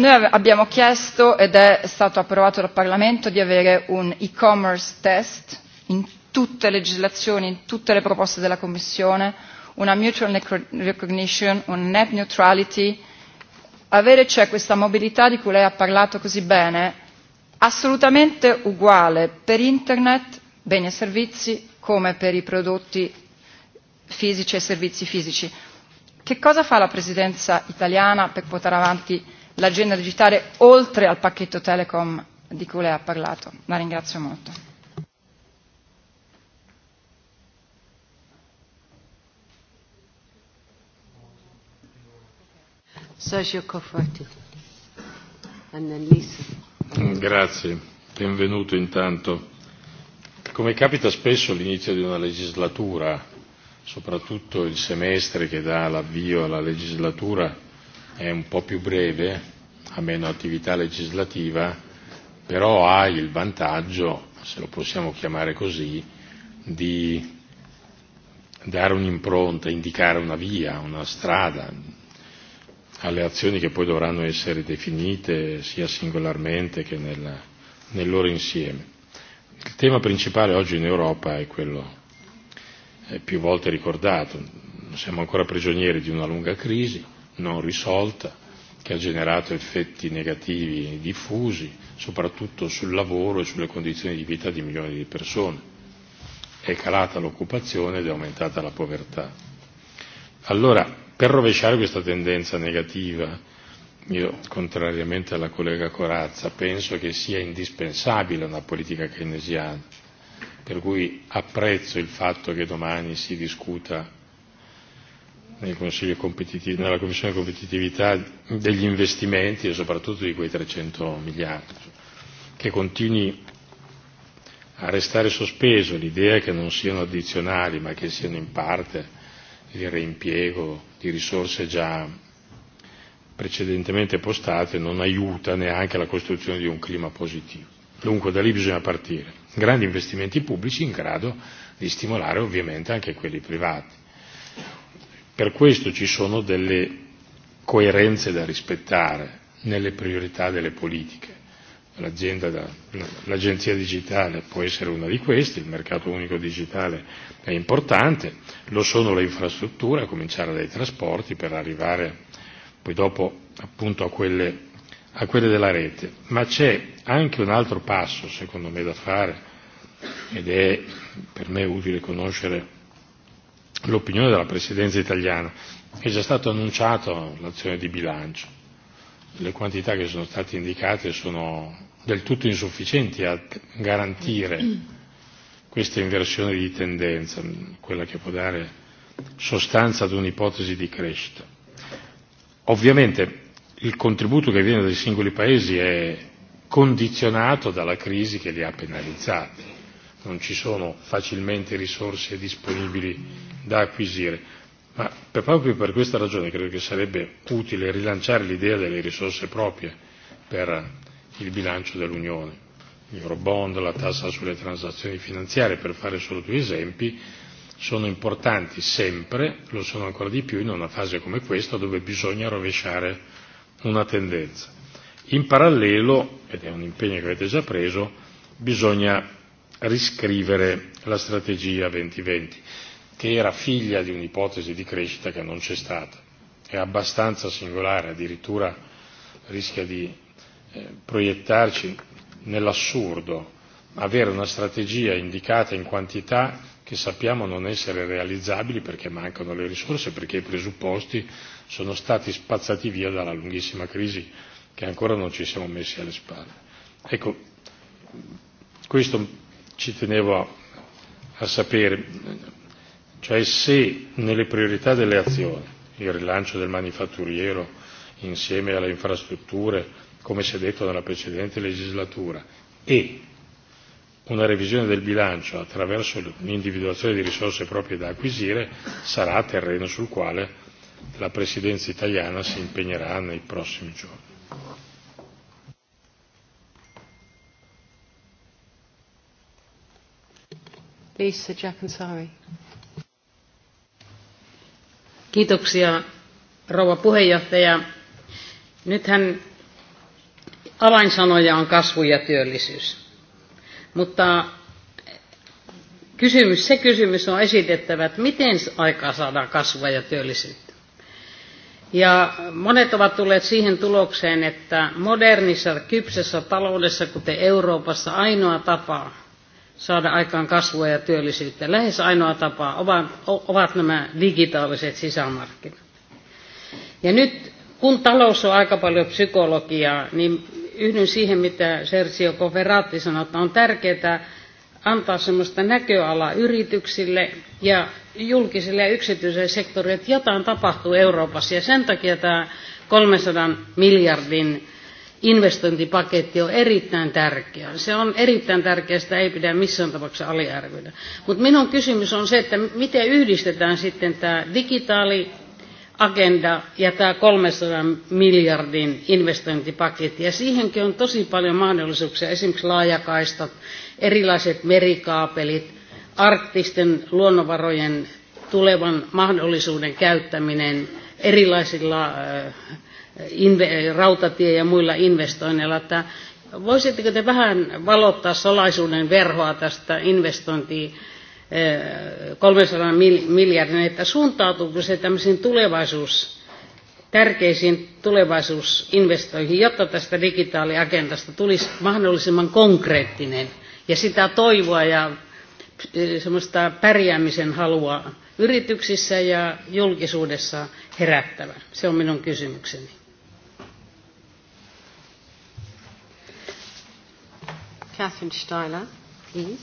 Noi abbiamo chiesto ed è stato approvato dal Parlamento di avere un e-commerce test in tutte le legislazioni, in tutte le proposte della Commissione, una mutual recognition, un net neutrality. Avere cioè questa mobilità di cui lei ha parlato così bene, assolutamente uguale per Internet, beni e servizi, come per i prodotti fisici e servizi fisici. Che cosa fa la Presidenza italiana per portare avanti l'agenda digitale oltre al pacchetto telecom di cui lei ha parlato. La ringrazio molto. Sergio mm, Grazie, benvenuto intanto. Come capita spesso all'inizio di una legislatura, soprattutto il semestre che dà l'avvio alla legislatura è un po' più breve ha meno attività legislativa, però ha il vantaggio, se lo possiamo chiamare così, di dare un'impronta, indicare una via, una strada alle azioni che poi dovranno essere definite sia singolarmente che nel, nel loro insieme. Il tema principale oggi in Europa è quello è più volte ricordato, siamo ancora prigionieri di una lunga crisi non risolta, che ha generato effetti negativi e diffusi, soprattutto sul lavoro e sulle condizioni di vita di milioni di persone. È calata l'occupazione ed è aumentata la povertà. Allora, per rovesciare questa tendenza negativa, io, contrariamente alla collega Corazza, penso che sia indispensabile una politica keynesiana, per cui apprezzo il fatto che domani si discuta nel Consiglio competitiv- nella Commissione Competitività degli investimenti e soprattutto di quei 300 miliardi, che continui a restare sospeso l'idea che non siano addizionali ma che siano in parte il reimpiego di risorse già precedentemente postate non aiuta neanche la costruzione di un clima positivo. Dunque da lì bisogna partire. Grandi investimenti pubblici in grado di stimolare ovviamente anche quelli privati Per questo ci sono delle coerenze da rispettare nelle priorità delle politiche. l'agenzia digitale può essere una di queste, il mercato unico digitale è importante, lo sono le infrastrutture, a cominciare dai trasporti per arrivare poi dopo appunto a quelle, a quelle della rete. Ma c'è anche un altro passo, secondo me, da fare ed è per me utile conoscere l'opinione della Presidenza italiana. È già stato annunciato l'azione di bilancio. Le quantità che sono state indicate sono del tutto insufficienti a garantire questa inversione di tendenza, quella che può dare sostanza ad un'ipotesi di crescita. Ovviamente il contributo che viene dai singoli paesi è condizionato dalla crisi che li ha penalizzati non ci sono facilmente risorse disponibili da acquisire. Ma per, proprio per questa ragione credo che sarebbe utile rilanciare l'idea delle risorse proprie per il bilancio dell'Unione. Eurobond, la tassa sulle transazioni finanziarie, per fare solo due esempi, sono importanti sempre, lo sono ancora di più in una fase come questa dove bisogna rovesciare una tendenza. In parallelo, ed è un impegno che avete già preso, bisogna riscrivere la strategia 2020, che era figlia di un'ipotesi di crescita che non c'è stata. È abbastanza singolare, addirittura rischia di eh, proiettarci nell'assurdo, avere una strategia indicata in quantità che sappiamo non essere realizzabili perché mancano le risorse, perché i presupposti sono stati spazzati via dalla lunghissima crisi che ancora non ci siamo messi alle spalle. Ecco, questo ci tenevo a sapere, cioè se nelle priorità delle azioni, il rilancio del manifatturiero insieme alle infrastrutture, come si è detto nella precedente legislatura, e una revisione del bilancio attraverso l'individuazione di risorse proprie da acquisire sarà terreno sul quale la Presidenza italiana si impegnerà nei prossimi giorni. Lisa Jakansari. Kiitoksia rouva puheenjohtaja. Nythän avainsanoja on kasvu ja työllisyys. Mutta kysymys, se kysymys on esitettävä, että miten aikaa saadaan kasvua ja työllisyyttä. Ja monet ovat tulleet siihen tulokseen, että modernissa, kypsessä taloudessa, kuten Euroopassa, ainoa tapa saada aikaan kasvua ja työllisyyttä. Lähes ainoa tapa ovat nämä digitaaliset sisämarkkinat. Ja nyt kun talous on aika paljon psykologiaa, niin yhdyn siihen, mitä Sergio Coferatti sanoi, että on tärkeää antaa sellaista näköalaa yrityksille ja julkiselle ja yksityiselle sektorille, että jotain tapahtuu Euroopassa. Ja sen takia tämä 300 miljardin investointipaketti on erittäin tärkeä. Se on erittäin tärkeä, sitä ei pidä missään tapauksessa aliarvioida. Mutta minun kysymys on se, että miten yhdistetään sitten tämä digitaali agenda ja tämä 300 miljardin investointipaketti. Ja siihenkin on tosi paljon mahdollisuuksia, esimerkiksi laajakaistat, erilaiset merikaapelit, arktisten luonnonvarojen tulevan mahdollisuuden käyttäminen erilaisilla äh, inve, rautatie- ja muilla investoinneilla. Että voisitteko te vähän valottaa salaisuuden verhoa tästä investointiin? Eh, 300 miljardin, että suuntautuuko se tämmöisiin tulevaisuus, tärkeisiin tulevaisuusinvestoihin, jotta tästä digitaaliagendasta tulisi mahdollisimman konkreettinen ja sitä toivoa ja eh, semmoista pärjäämisen halua yrityksissä ja julkisuudessa herättävä. Se on minun kysymykseni. Catherine Steiner, please.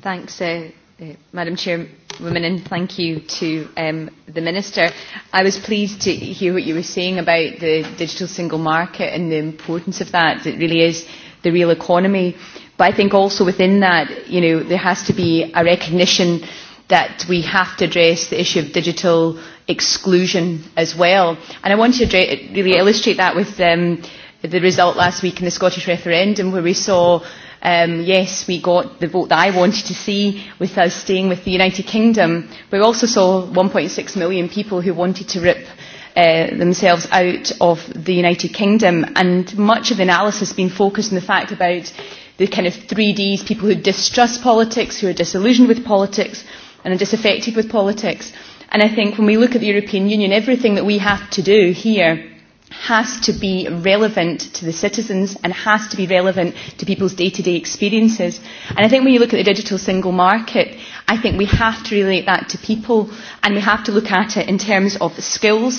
Thanks, uh, uh, Madam Chairwoman, and thank you to um, the Minister. I was pleased to hear what you were saying about the digital single market and the importance of that. It really is the real economy. But I think also within that, you know, there has to be a recognition that we have to address the issue of digital exclusion as well. And I want to really illustrate that with um, the result last week in the Scottish referendum where we saw um, yes, we got the vote that I wanted to see with us staying with the United Kingdom. We also saw 1.6 million people who wanted to rip uh, themselves out of the United Kingdom. And much of the analysis has been focused on the fact about the kind of three Ds, people who distrust politics, who are disillusioned with politics and are disaffected with politics. And I think when we look at the European Union, everything that we have to do here has to be relevant to the citizens and has to be relevant to people's day-to-day -day experiences. And I think when you look at the digital single market, I think we have to relate that to people and we have to look at it in terms of skills,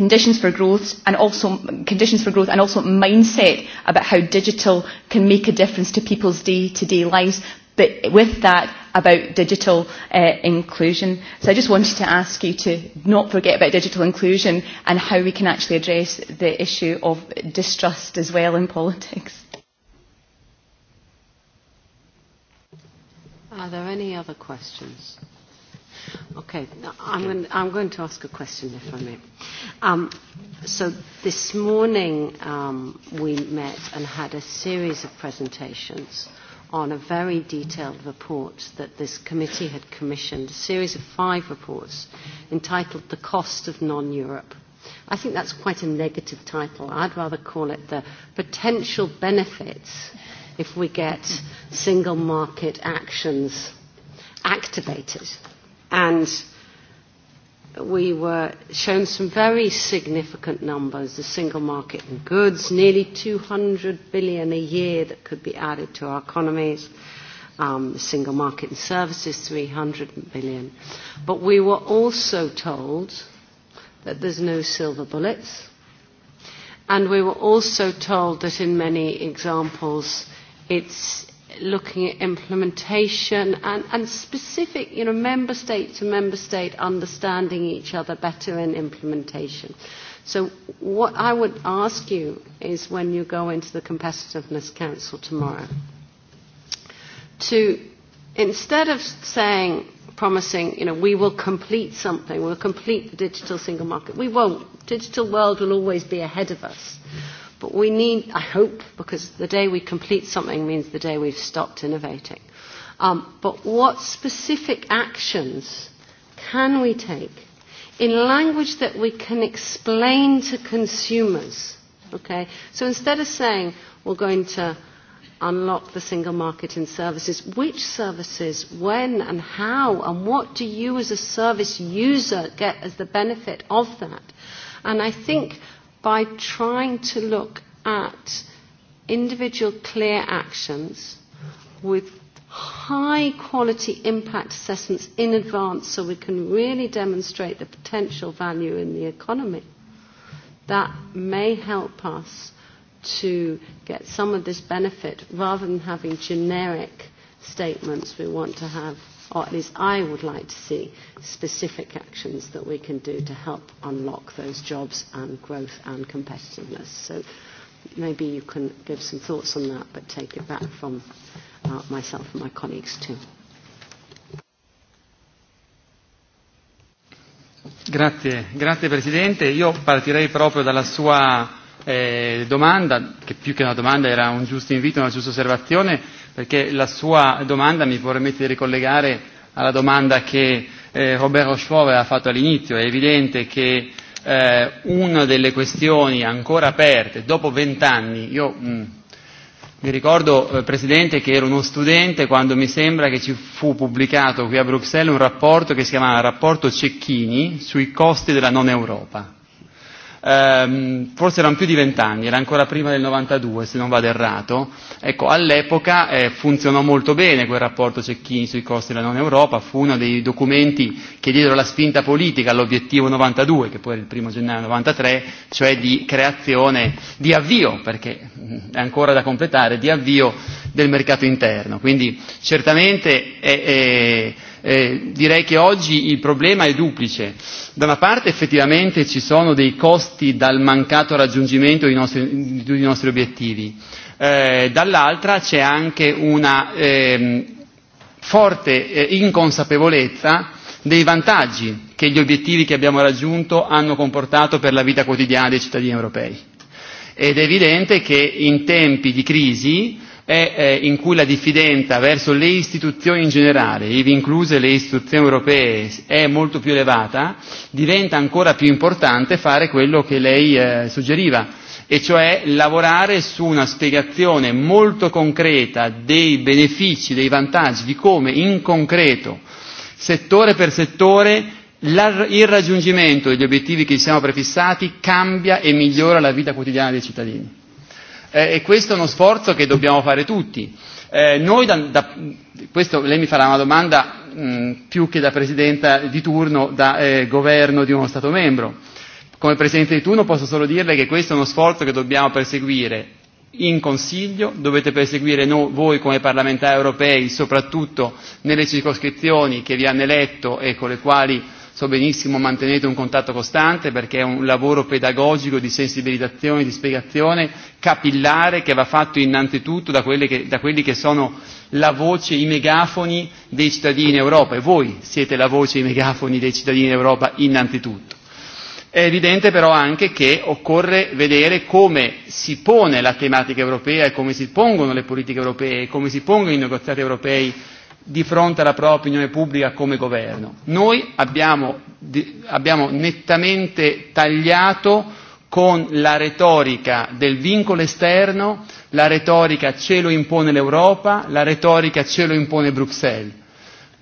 conditions for growth and also conditions for growth and also mindset about how digital can make a difference to people's day-to-day -day lives. But with that, about digital uh, inclusion. So I just wanted to ask you to not forget about digital inclusion and how we can actually address the issue of distrust as well in politics. Are there any other questions? Okay, I'm going, I'm going to ask a question, if I may. Um, so this morning um, we met and had a series of presentations on a very detailed report that this committee had commissioned, a series of five reports entitled The Cost of Non-Europe. I think that's quite a negative title. I'd rather call it the potential benefits if we get single market actions activated. And we were shown some very significant numbers, the single market in goods, nearly 200 billion a year that could be added to our economies, um, the single market in services, 300 billion. But we were also told that there's no silver bullets, and we were also told that in many examples it's looking at implementation and, and specific, you know, member state to member state understanding each other better in implementation. So what I would ask you is when you go into the Competitiveness Council tomorrow, to, instead of saying, promising, you know, we will complete something, we'll complete the digital single market, we won't. Digital world will always be ahead of us. Mm. But we need, I hope, because the day we complete something means the day we've stopped innovating. Um, but what specific actions can we take in language that we can explain to consumers? Okay, so instead of saying we're going to unlock the single market in services, which services, when and how, and what do you as a service user get as the benefit of that? And I think by trying to look at individual clear actions with high quality impact assessments in advance so we can really demonstrate the potential value in the economy. That may help us to get some of this benefit rather than having generic statements we want to have or at least I would like to see specific actions that we can do to help unlock those jobs and growth and competitiveness. So maybe you can give some thoughts on that, but take it back from uh, myself and my colleagues too. Grazie, grazie Presidente. Io partirei proprio dalla sua eh, domanda, che più che una domanda era un giusto invito, una giusta osservazione, perché la sua domanda mi permette di ricollegare alla domanda che eh, Roberto Schwove ha fatto all'inizio. È evidente che eh, una delle questioni ancora aperte dopo vent'anni, io mh, mm, mi ricordo, eh, Presidente, che ero uno studente quando mi sembra che ci fu pubblicato qui a Bruxelles un rapporto che si chiamava Rapporto Cecchini sui costi della non Europa ehm, forse erano più di vent'anni, era ancora prima del 92 se non vado errato, ecco all'epoca eh, funzionò molto bene quel rapporto Cecchini sui costi della non Europa, fu uno dei documenti che diedero la spinta politica all'obiettivo 92, che poi era il primo gennaio 93, cioè di creazione, di avvio, perché mm, è ancora da completare, di avvio del mercato interno. Quindi certamente è, è, eh, direi che oggi il problema è duplice. Da una parte effettivamente ci sono dei costi dal mancato raggiungimento dei nostri, dei nostri obiettivi, eh, dall'altra c'è anche una eh, forte eh, inconsapevolezza dei vantaggi che gli obiettivi che abbiamo raggiunto hanno comportato per la vita quotidiana dei cittadini europei. Ed è evidente che in tempi di crisi è e, eh, in cui la diffidenza verso le istituzioni in generale, ivi incluse le istituzioni europee, è molto più elevata, diventa ancora più importante fare quello che lei eh, suggeriva e cioè lavorare su una spiegazione molto concreta dei benefici, dei vantaggi, di come in concreto, settore per settore, il raggiungimento degli obiettivi che ci siamo prefissati cambia e migliora la vita quotidiana dei cittadini. Eh, e questo è uno sforzo che dobbiamo fare tutti. Eh, noi da, da, questo lei mi farà una domanda mh, mm, più che da Presidenta di turno, da eh, governo di uno Stato membro. Come Presidente di turno posso solo dirle che questo è uno sforzo che dobbiamo perseguire in Consiglio, dovete perseguire no, voi come parlamentari europei, soprattutto nelle circoscrizioni che vi hanno eletto e con le quali So benissimo mantenete un contatto costante perché è un lavoro pedagogico di sensibilizzazione, di spiegazione capillare che va fatto innanzitutto da, che, da quelli che sono la voce, i megafoni dei cittadini in Europa e voi siete la voce, i megafoni dei cittadini in Europa innanzitutto. È evidente però anche che occorre vedere come si pone la tematica europea e come si pongono le politiche europee e come si pongono i negoziati europei di fronte alla propria opinione pubblica come governo. Noi abbiamo, di, abbiamo nettamente tagliato con la retorica del vincolo esterno, la retorica ce lo impone l'Europa, la retorica ce lo impone Bruxelles.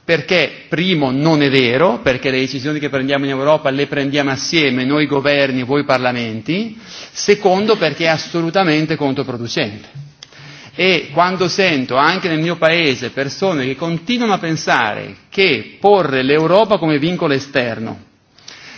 Perché, primo, non è vero, perché le decisioni che prendiamo in Europa le prendiamo assieme, noi governi, voi parlamenti. Secondo, perché è assolutamente controproducente e quando sento anche nel mio paese persone che continuano a pensare che porre l'Europa come vincolo esterno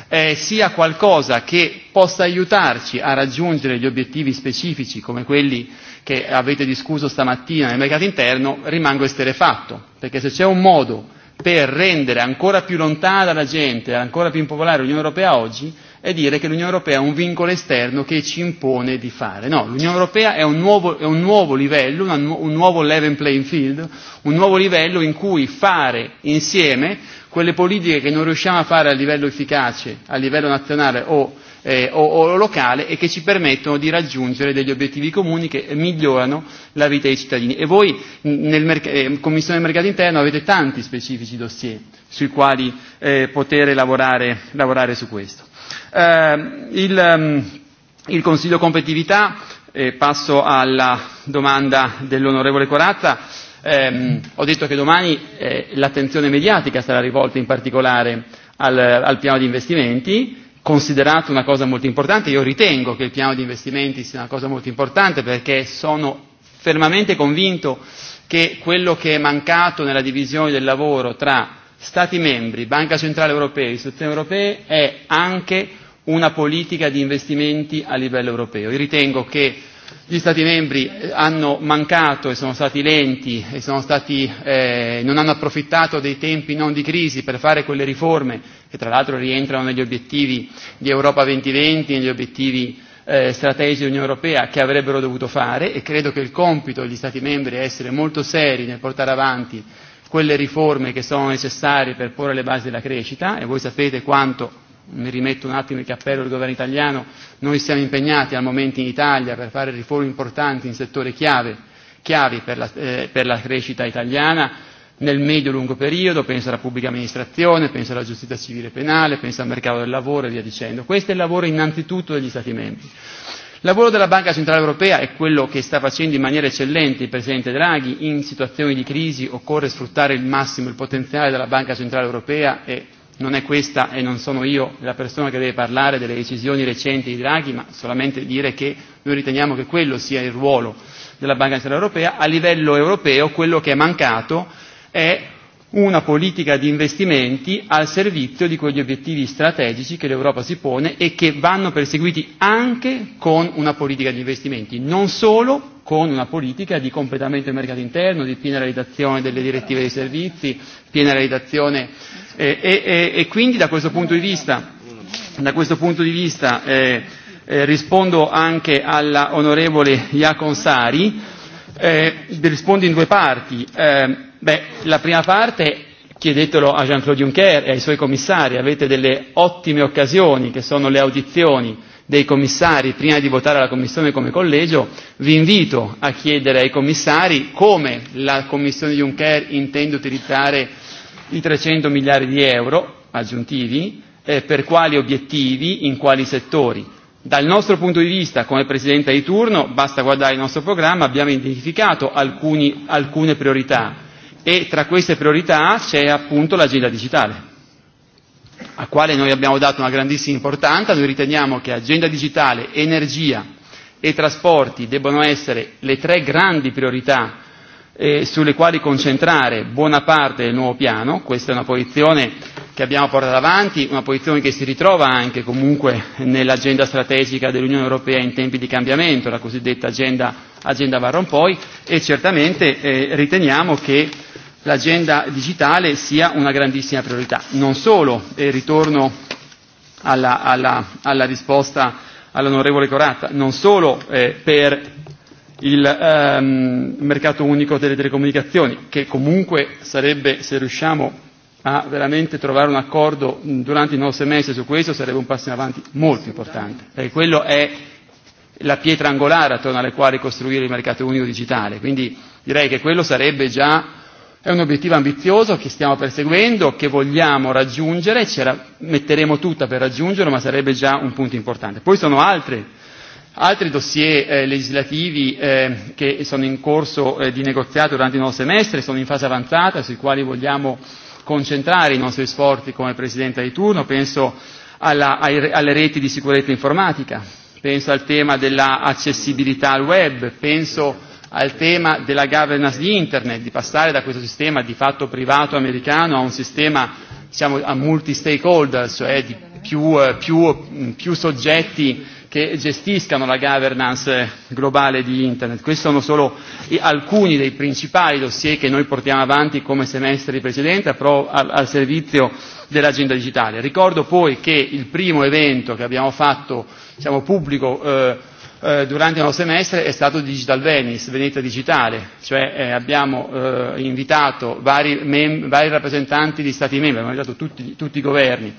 eh, sia qualcosa che possa aiutarci a raggiungere gli obiettivi specifici come quelli che avete discusso stamattina nel mercato interno, rimango esterefatto, perché se c'è un modo per rendere ancora più lontana la gente, ancora più impopolare l'Unione Europea oggi, è dire che l'Unione Europea è un vincolo esterno che ci impone di fare. No, l'Unione Europea è un nuovo, è un nuovo livello, una, un nuovo level playing field, un nuovo livello in cui fare insieme quelle politiche che non riusciamo a fare a livello efficace, a livello nazionale o eh, o, o locale e che ci permettono di raggiungere degli obiettivi comuni che migliorano la vita dei cittadini. E voi nel merc- eh, Commissione del Mercato Interno avete tanti specifici dossier sui quali eh, poter lavorare, lavorare su questo. Eh, il, um, il Consiglio Competitività, eh, passo alla domanda dell'onorevole Corazza, ehm, ho detto che domani eh, l'attenzione mediatica sarà rivolta in particolare al, al piano di investimenti, considerato una cosa molto importante, io ritengo che il piano di investimenti sia una cosa molto importante perché sono fermamente convinto che quello che è mancato nella divisione del lavoro tra Stati membri, Banca Centrale Europea e istituzioni europee è anche una politica di investimenti a livello europeo. Io ritengo che Gli Stati membri eh, hanno mancato e sono stati lenti e sono stati, eh, non hanno approfittato dei tempi non di crisi per fare quelle riforme che tra l'altro rientrano negli obiettivi di Europa 2020, negli obiettivi eh, strategici dell'Unione Europea che avrebbero dovuto fare e credo che il compito degli Stati membri è essere molto seri nel portare avanti quelle riforme che sono necessarie per porre le basi della crescita e voi sapete quanto mi rimetto un attimo il cappello del governo italiano, noi siamo impegnati al momento in Italia per fare riforme importanti in settori chiave, chiavi per la, eh, per la crescita italiana nel medio e lungo periodo, penso alla pubblica amministrazione, penso alla giustizia civile e penale, penso al mercato del lavoro e via dicendo. Questo è il lavoro innanzitutto degli Stati membri. Il lavoro della Banca Centrale Europea è quello che sta facendo in maniera eccellente il Presidente Draghi. In situazioni di crisi occorre sfruttare il massimo il potenziale della Banca Centrale Europea e non è questa e non sono io la persona che deve parlare delle decisioni recenti di Draghi, ma solamente dire che noi riteniamo che quello sia il ruolo della Banca Centrale Europea. A livello europeo quello che è mancato è una politica di investimenti al servizio di quegli obiettivi strategici che l'Europa si pone e che vanno perseguiti anche con una politica di investimenti, non solo con una politica di completamento del mercato interno, di piena realizzazione delle direttive dei servizi, piena realizzazione eh, e, e, e quindi da questo punto di vista, da questo punto di vista eh, eh, rispondo anche all'onorevole Iacon Sari eh, rispondo in due parti. Eh, Beh, la prima parte, chiedetelo a Jean-Claude Juncker e ai suoi commissari, avete delle ottime occasioni che sono le audizioni dei commissari prima di votare alla Commissione come collegio, vi invito a chiedere ai commissari come la Commissione Juncker intende utilizzare i 300 miliardi di euro aggiuntivi, eh, per quali obiettivi, in quali settori. Dal nostro punto di vista, come Presidente di turno, basta guardare il nostro programma, abbiamo identificato alcuni, alcune priorità e tra queste priorità c'è appunto l'agenda digitale, a quale noi abbiamo dato una grandissima importanza, noi riteniamo che agenda digitale, energia e trasporti debbano essere le tre grandi priorità eh, sulle quali concentrare buona parte del nuovo piano, questa è una posizione che abbiamo portato avanti, una posizione che si ritrova anche comunque nell'agenda strategica dell'Unione Europea in tempi di cambiamento, la cosiddetta agenda, agenda Van Rompuy, e certamente eh, riteniamo che l'agenda digitale sia una grandissima priorità. Non solo, e ritorno alla, alla, alla risposta all'onorevole Coratta, non solo eh, per il ehm, mercato unico delle telecomunicazioni, che comunque sarebbe, se riusciamo a veramente trovare un accordo durante i nostri mesi su questo, sarebbe un passo in avanti molto importante, perché quello è la pietra angolare attorno alle quali costruire il mercato unico digitale. Quindi direi che quello sarebbe già È un obiettivo ambizioso che stiamo perseguendo, che vogliamo raggiungere, ce la metteremo tutta per raggiungerlo, ma sarebbe già un punto importante. Poi sono altri, altri dossier eh, legislativi eh, che sono in corso eh, di negoziato durante il nuovo semestre, sono in fase avanzata, sui quali vogliamo concentrare i nostri sforzi come Presidente di turno, penso alla, ai, alle reti di sicurezza informatica, penso al tema dell'accessibilità al web, penso al tema della governance di Internet, di passare da questo sistema di fatto privato americano a un sistema diciamo, a multi-stakeholder, cioè di più, eh, più, mm, più soggetti che gestiscano la governance globale di Internet. Questi sono solo alcuni dei principali dossier che noi portiamo avanti come semestre di precedente però al, al servizio dell'agenda digitale. Ricordo poi che il primo evento che abbiamo fatto diciamo, pubblico eh, eh, durante il nostro semestre è stato Digital Venice, Veneta Digitale, cioè eh, abbiamo eh, invitato vari, mem- vari rappresentanti di Stati membri, abbiamo invitato tutti, tutti i governi,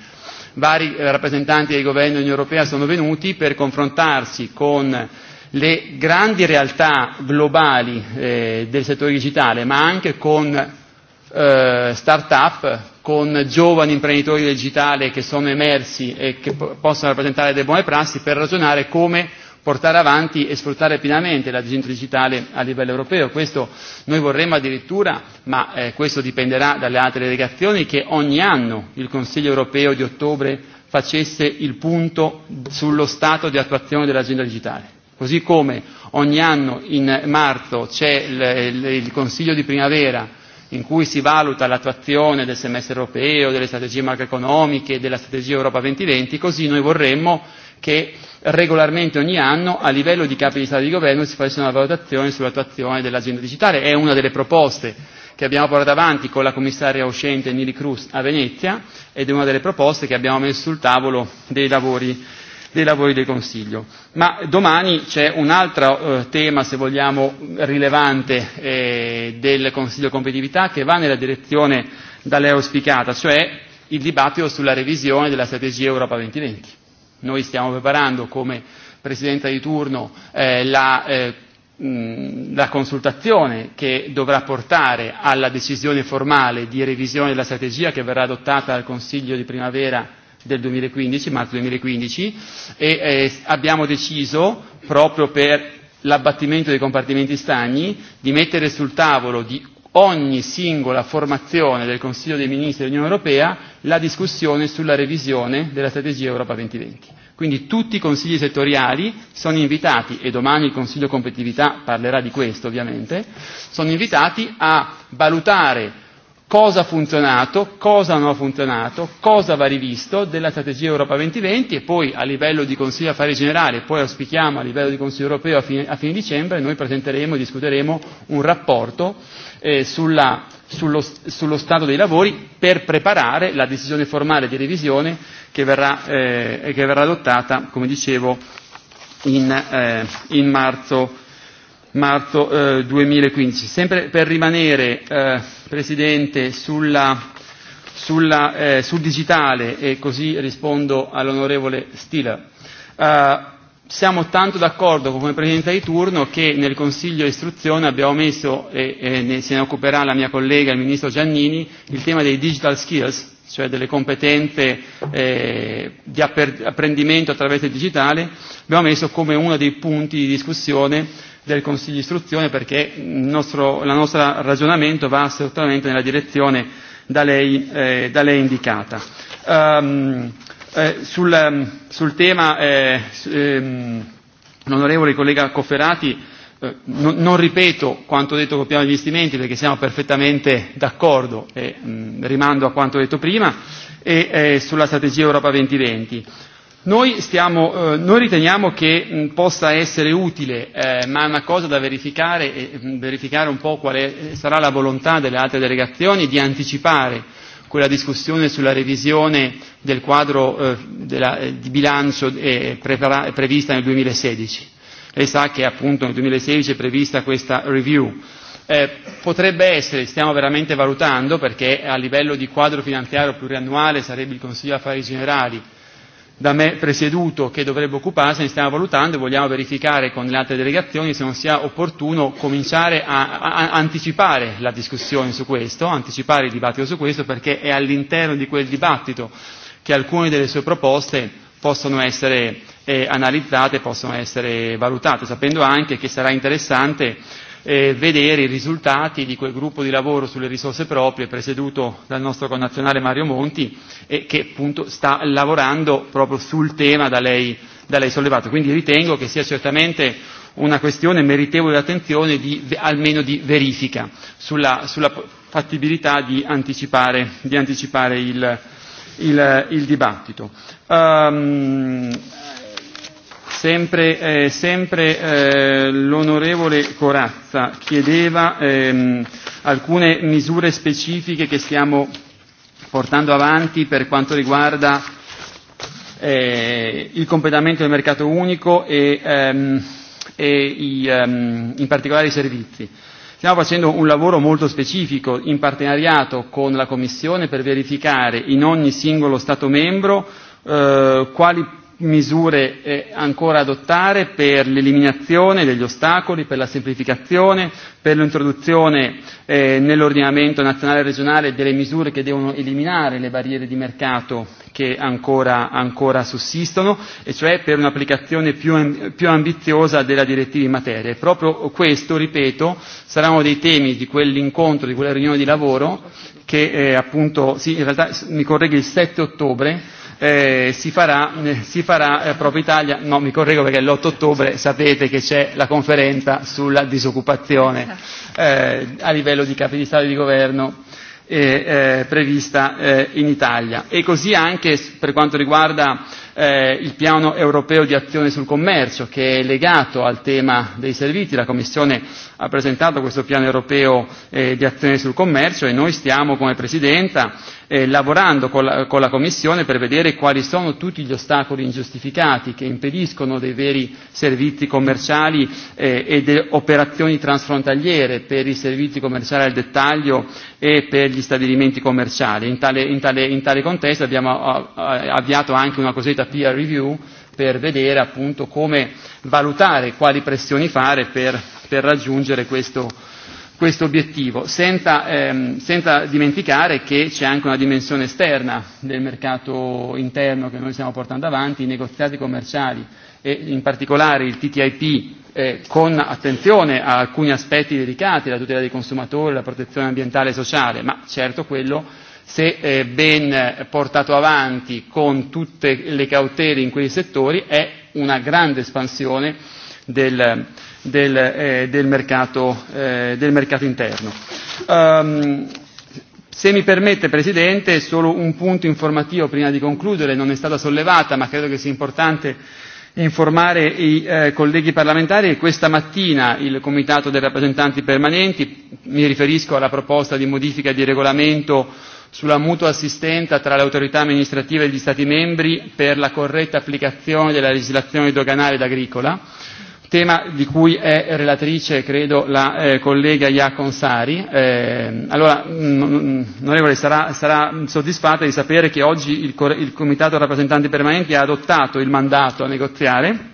vari eh, rappresentanti dei governi dell'Unione Europea sono venuti per confrontarsi con le grandi realtà globali eh, del settore digitale, ma anche con eh, start-up, con giovani imprenditori digitale che sono emersi e che possono rappresentare delle buone prassi per ragionare come portare avanti e sfruttare pienamente l'agenda digitale a livello europeo. Questo noi vorremmo addirittura, ma eh, questo dipenderà dalle altre delegazioni, che ogni anno il Consiglio europeo di ottobre facesse il punto sullo stato di attuazione dell'agenda digitale. Così come ogni anno in marzo c'è il, il Consiglio di primavera in cui si valuta l'attuazione del semestre europeo, delle strategie macroeconomiche, della strategia Europa 2020, così noi vorremmo che regolarmente ogni anno a livello di capi di Stato e di Governo si faccia una valutazione sull'attuazione dell'agenda digitale. È una delle proposte che abbiamo portato avanti con la commissaria uscente Nili Cruz a Venezia ed è una delle proposte che abbiamo messo sul tavolo dei lavori dei lavori del Consiglio. Ma domani c'è un altro eh, tema, se vogliamo, rilevante eh, del Consiglio Competitività che va nella direzione da lei auspicata, cioè il dibattito sulla revisione della strategia Europa 2020 Noi stiamo preparando come Presidente di turno eh, la, eh, la consultazione che dovrà portare alla decisione formale di revisione della strategia che verrà adottata dal Consiglio di primavera del 2015, marzo 2015, e eh, abbiamo deciso, proprio per l'abbattimento dei compartimenti stagni, di mettere sul tavolo di ogni singola formazione del Consiglio dei Ministri dell'Unione Europea la discussione sulla revisione della strategia Europa 2020. Quindi tutti i consigli settoriali sono invitati, e domani il Consiglio Competitività parlerà di questo ovviamente, sono invitati a valutare cosa ha funzionato, cosa non ha funzionato, cosa va rivisto della strategia Europa 2020 e poi a livello di Consiglio Affari Generali, poi auspichiamo a livello di Consiglio Europeo a fine, a fine dicembre, noi presenteremo e discuteremo un rapporto eh, sulla, sullo, sullo stato dei lavori per preparare la decisione formale di revisione che verrà, eh, che verrà adottata, come dicevo, in, eh, in marzo, marzo eh, 2015. Sempre per rimanere, eh, Presidente, sulla, sulla, eh, sul digitale e così rispondo all'onorevole Stiller. Eh, siamo tanto d'accordo con il Presidente di turno che nel Consiglio istruzione abbiamo messo, e, e ne, se ne occuperà la mia collega, il Ministro Giannini, il tema dei digital skills, cioè delle competenze eh, di apprendimento attraverso il digitale, abbiamo messo come uno dei punti di discussione del Consiglio di istruzione perché il nostro la nostra ragionamento va assolutamente nella direzione da lei, eh, da lei indicata. Um, Eh, sul, ehm, sul tema, eh, ehm, l'onorevole collega Cofferati, eh, non, non ripeto quanto detto col piano di investimenti perché siamo perfettamente d'accordo e mh, rimando a quanto detto prima, e eh, sulla strategia Europa 2020. Noi, stiamo, eh, noi riteniamo che mh, possa essere utile, eh, ma è una cosa da verificare, e mh, verificare un po' quale sarà la volontà delle altre delegazioni di anticipare quella discussione sulla revisione del quadro eh, della, eh, di bilancio eh, prevista nel 2016. Lei sa che appunto nel 2016 è prevista questa review. Eh, potrebbe essere, stiamo veramente valutando, perché a livello di quadro finanziario pluriannuale sarebbe il Consiglio Affari Generali, da me presieduto che dovrebbe occuparsi, stiamo valutando e vogliamo verificare con le altre delegazioni se non sia opportuno cominciare a, a, a anticipare la discussione su questo, anticipare il dibattito su questo perché è all'interno di quel dibattito che alcune delle sue proposte possono essere eh, analizzate, possono essere valutate, sapendo anche che sarà interessante eh, vedere i risultati di quel gruppo di lavoro sulle risorse proprie presieduto dal nostro connazionale Mario Monti e che appunto sta lavorando proprio sul tema da lei, da lei sollevato. Quindi ritengo che sia certamente una questione meritevole d'attenzione di, almeno di verifica sulla, sulla fattibilità di anticipare, di anticipare il, il, il dibattito. Um, Sempre, eh, sempre eh, l'onorevole Corazza chiedeva ehm, alcune misure specifiche che stiamo portando avanti per quanto riguarda eh, il completamento del mercato unico e, ehm, e i, ehm, in particolare i servizi. Stiamo facendo un lavoro molto specifico in partenariato con la Commissione per verificare in ogni singolo Stato membro eh, quali misure eh, ancora adottare per l'eliminazione degli ostacoli, per la semplificazione, per l'introduzione eh, nell'ordinamento nazionale e regionale delle misure che devono eliminare le barriere di mercato che ancora, ancora sussistono, e cioè per un'applicazione più, più ambiziosa della direttiva in materia. E proprio questo, ripeto, sarà uno dei temi di quell'incontro, di quella riunione di lavoro che eh, appunto, sì, in realtà mi correghi il 7 ottobre, eh, si farà, eh, si farà eh, proprio Italia, no mi correggo perché l'8 ottobre sapete che c'è la conferenza sulla disoccupazione ah. eh, a livello di capi di Stato e di Governo eh, eh, prevista eh, in Italia. E così anche per quanto riguarda eh, il piano europeo di azione sul commercio che è legato al tema dei servizi. La Commissione ha presentato questo piano europeo eh, di azione sul commercio e noi stiamo come Presidenta eh, lavorando con la, con la Commissione per vedere quali sono tutti gli ostacoli ingiustificati che impediscono dei veri servizi commerciali eh, e delle operazioni transfrontaliere per i servizi commerciali al dettaglio e per gli stabilimenti commerciali. In tale, in tale, in tale contesto abbiamo avviato anche una cosiddetta peer review per vedere appunto come valutare quali pressioni fare per, per raggiungere questo questo obiettivo, senza, ehm, senza dimenticare che c'è anche una dimensione esterna del mercato interno che noi stiamo portando avanti, i negoziati commerciali e in particolare il TTIP eh, con attenzione a alcuni aspetti dedicati, la tutela dei consumatori, la protezione ambientale e sociale, ma certo quello se eh, ben portato avanti con tutte le cautele in quei settori è una grande espansione del, del, eh, del, mercato, eh, del mercato interno. Um, se mi permette Presidente, solo un punto informativo prima di concludere, non è stata sollevata ma credo che sia importante informare i eh, colleghi parlamentari che questa mattina il Comitato dei rappresentanti permanenti, mi riferisco alla proposta di modifica di regolamento sulla mutua assistenza tra le autorità amministrative e gli Stati membri per la corretta applicazione della legislazione doganale ed agricola, tema di cui è relatrice, credo, la eh, collega Sari. Eh, allora, mm, mm, mm, onorevole, sarà, sarà soddisfatta di sapere che oggi il, il Comitato rappresentanti permanenti ha adottato il mandato a negoziare,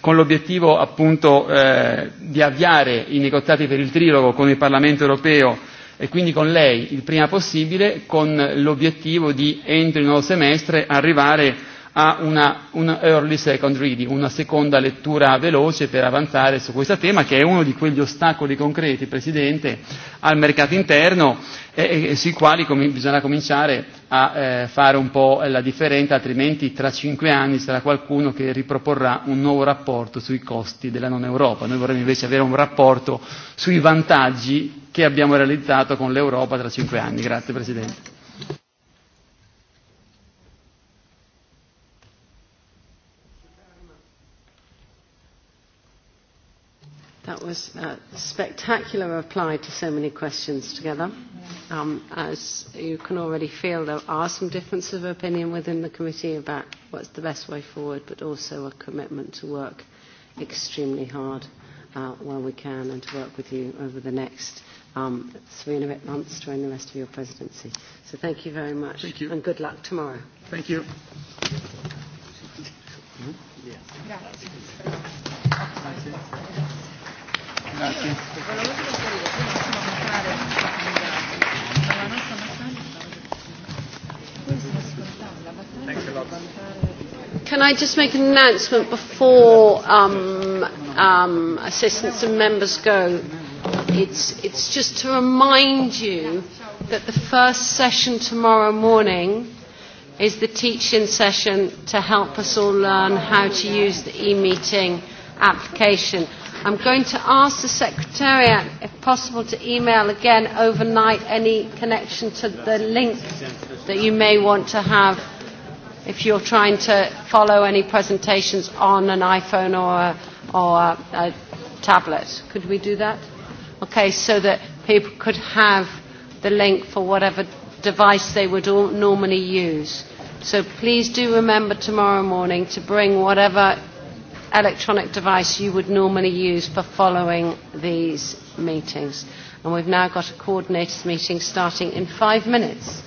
con l'obiettivo appunto eh, di avviare i negoziati per il trilogo con il Parlamento europeo e quindi con lei il prima possibile, con l'obiettivo di entro il nuovo semestre arrivare a una, una early second reading, una seconda lettura veloce per avanzare su questo tema che è uno di quegli ostacoli concreti, Presidente, al mercato interno e, e sui quali com bisogna cominciare a eh, fare un po' la differenza, altrimenti tra cinque anni sarà qualcuno che riproporrà un nuovo rapporto sui costi della non Europa. Noi vorremmo invece avere un rapporto sui vantaggi che abbiamo realizzato con l'Europa tra cinque anni. Grazie Presidente. That was a uh, spectacular reply to so many questions together. Um, as you can already feel, there are some differences of opinion within the committee about what's the best way forward, but also a commitment to work extremely hard uh, where we can and to work with you over the next um, three and a bit months during the rest of your presidency. So thank you very much. Thank you. And good luck tomorrow. Thank you. Mm -hmm. yeah. Yeah. Can I just make an announcement before um, um, assistants and members go? It's, it's just to remind you that the first session tomorrow morning is the teaching session to help us all learn how to use the e-meeting application. I'm going to ask the Secretariat, if possible, to email again overnight any connection to the link that you may want to have if you're trying to follow any presentations on an iPhone or a, or a, a tablet. Could we do that? Okay, so that people could have the link for whatever device they would normally use. So please do remember tomorrow morning to bring whatever electronic device you would normally use for following these meetings. And we've now got a coordinators meeting starting in five minutes.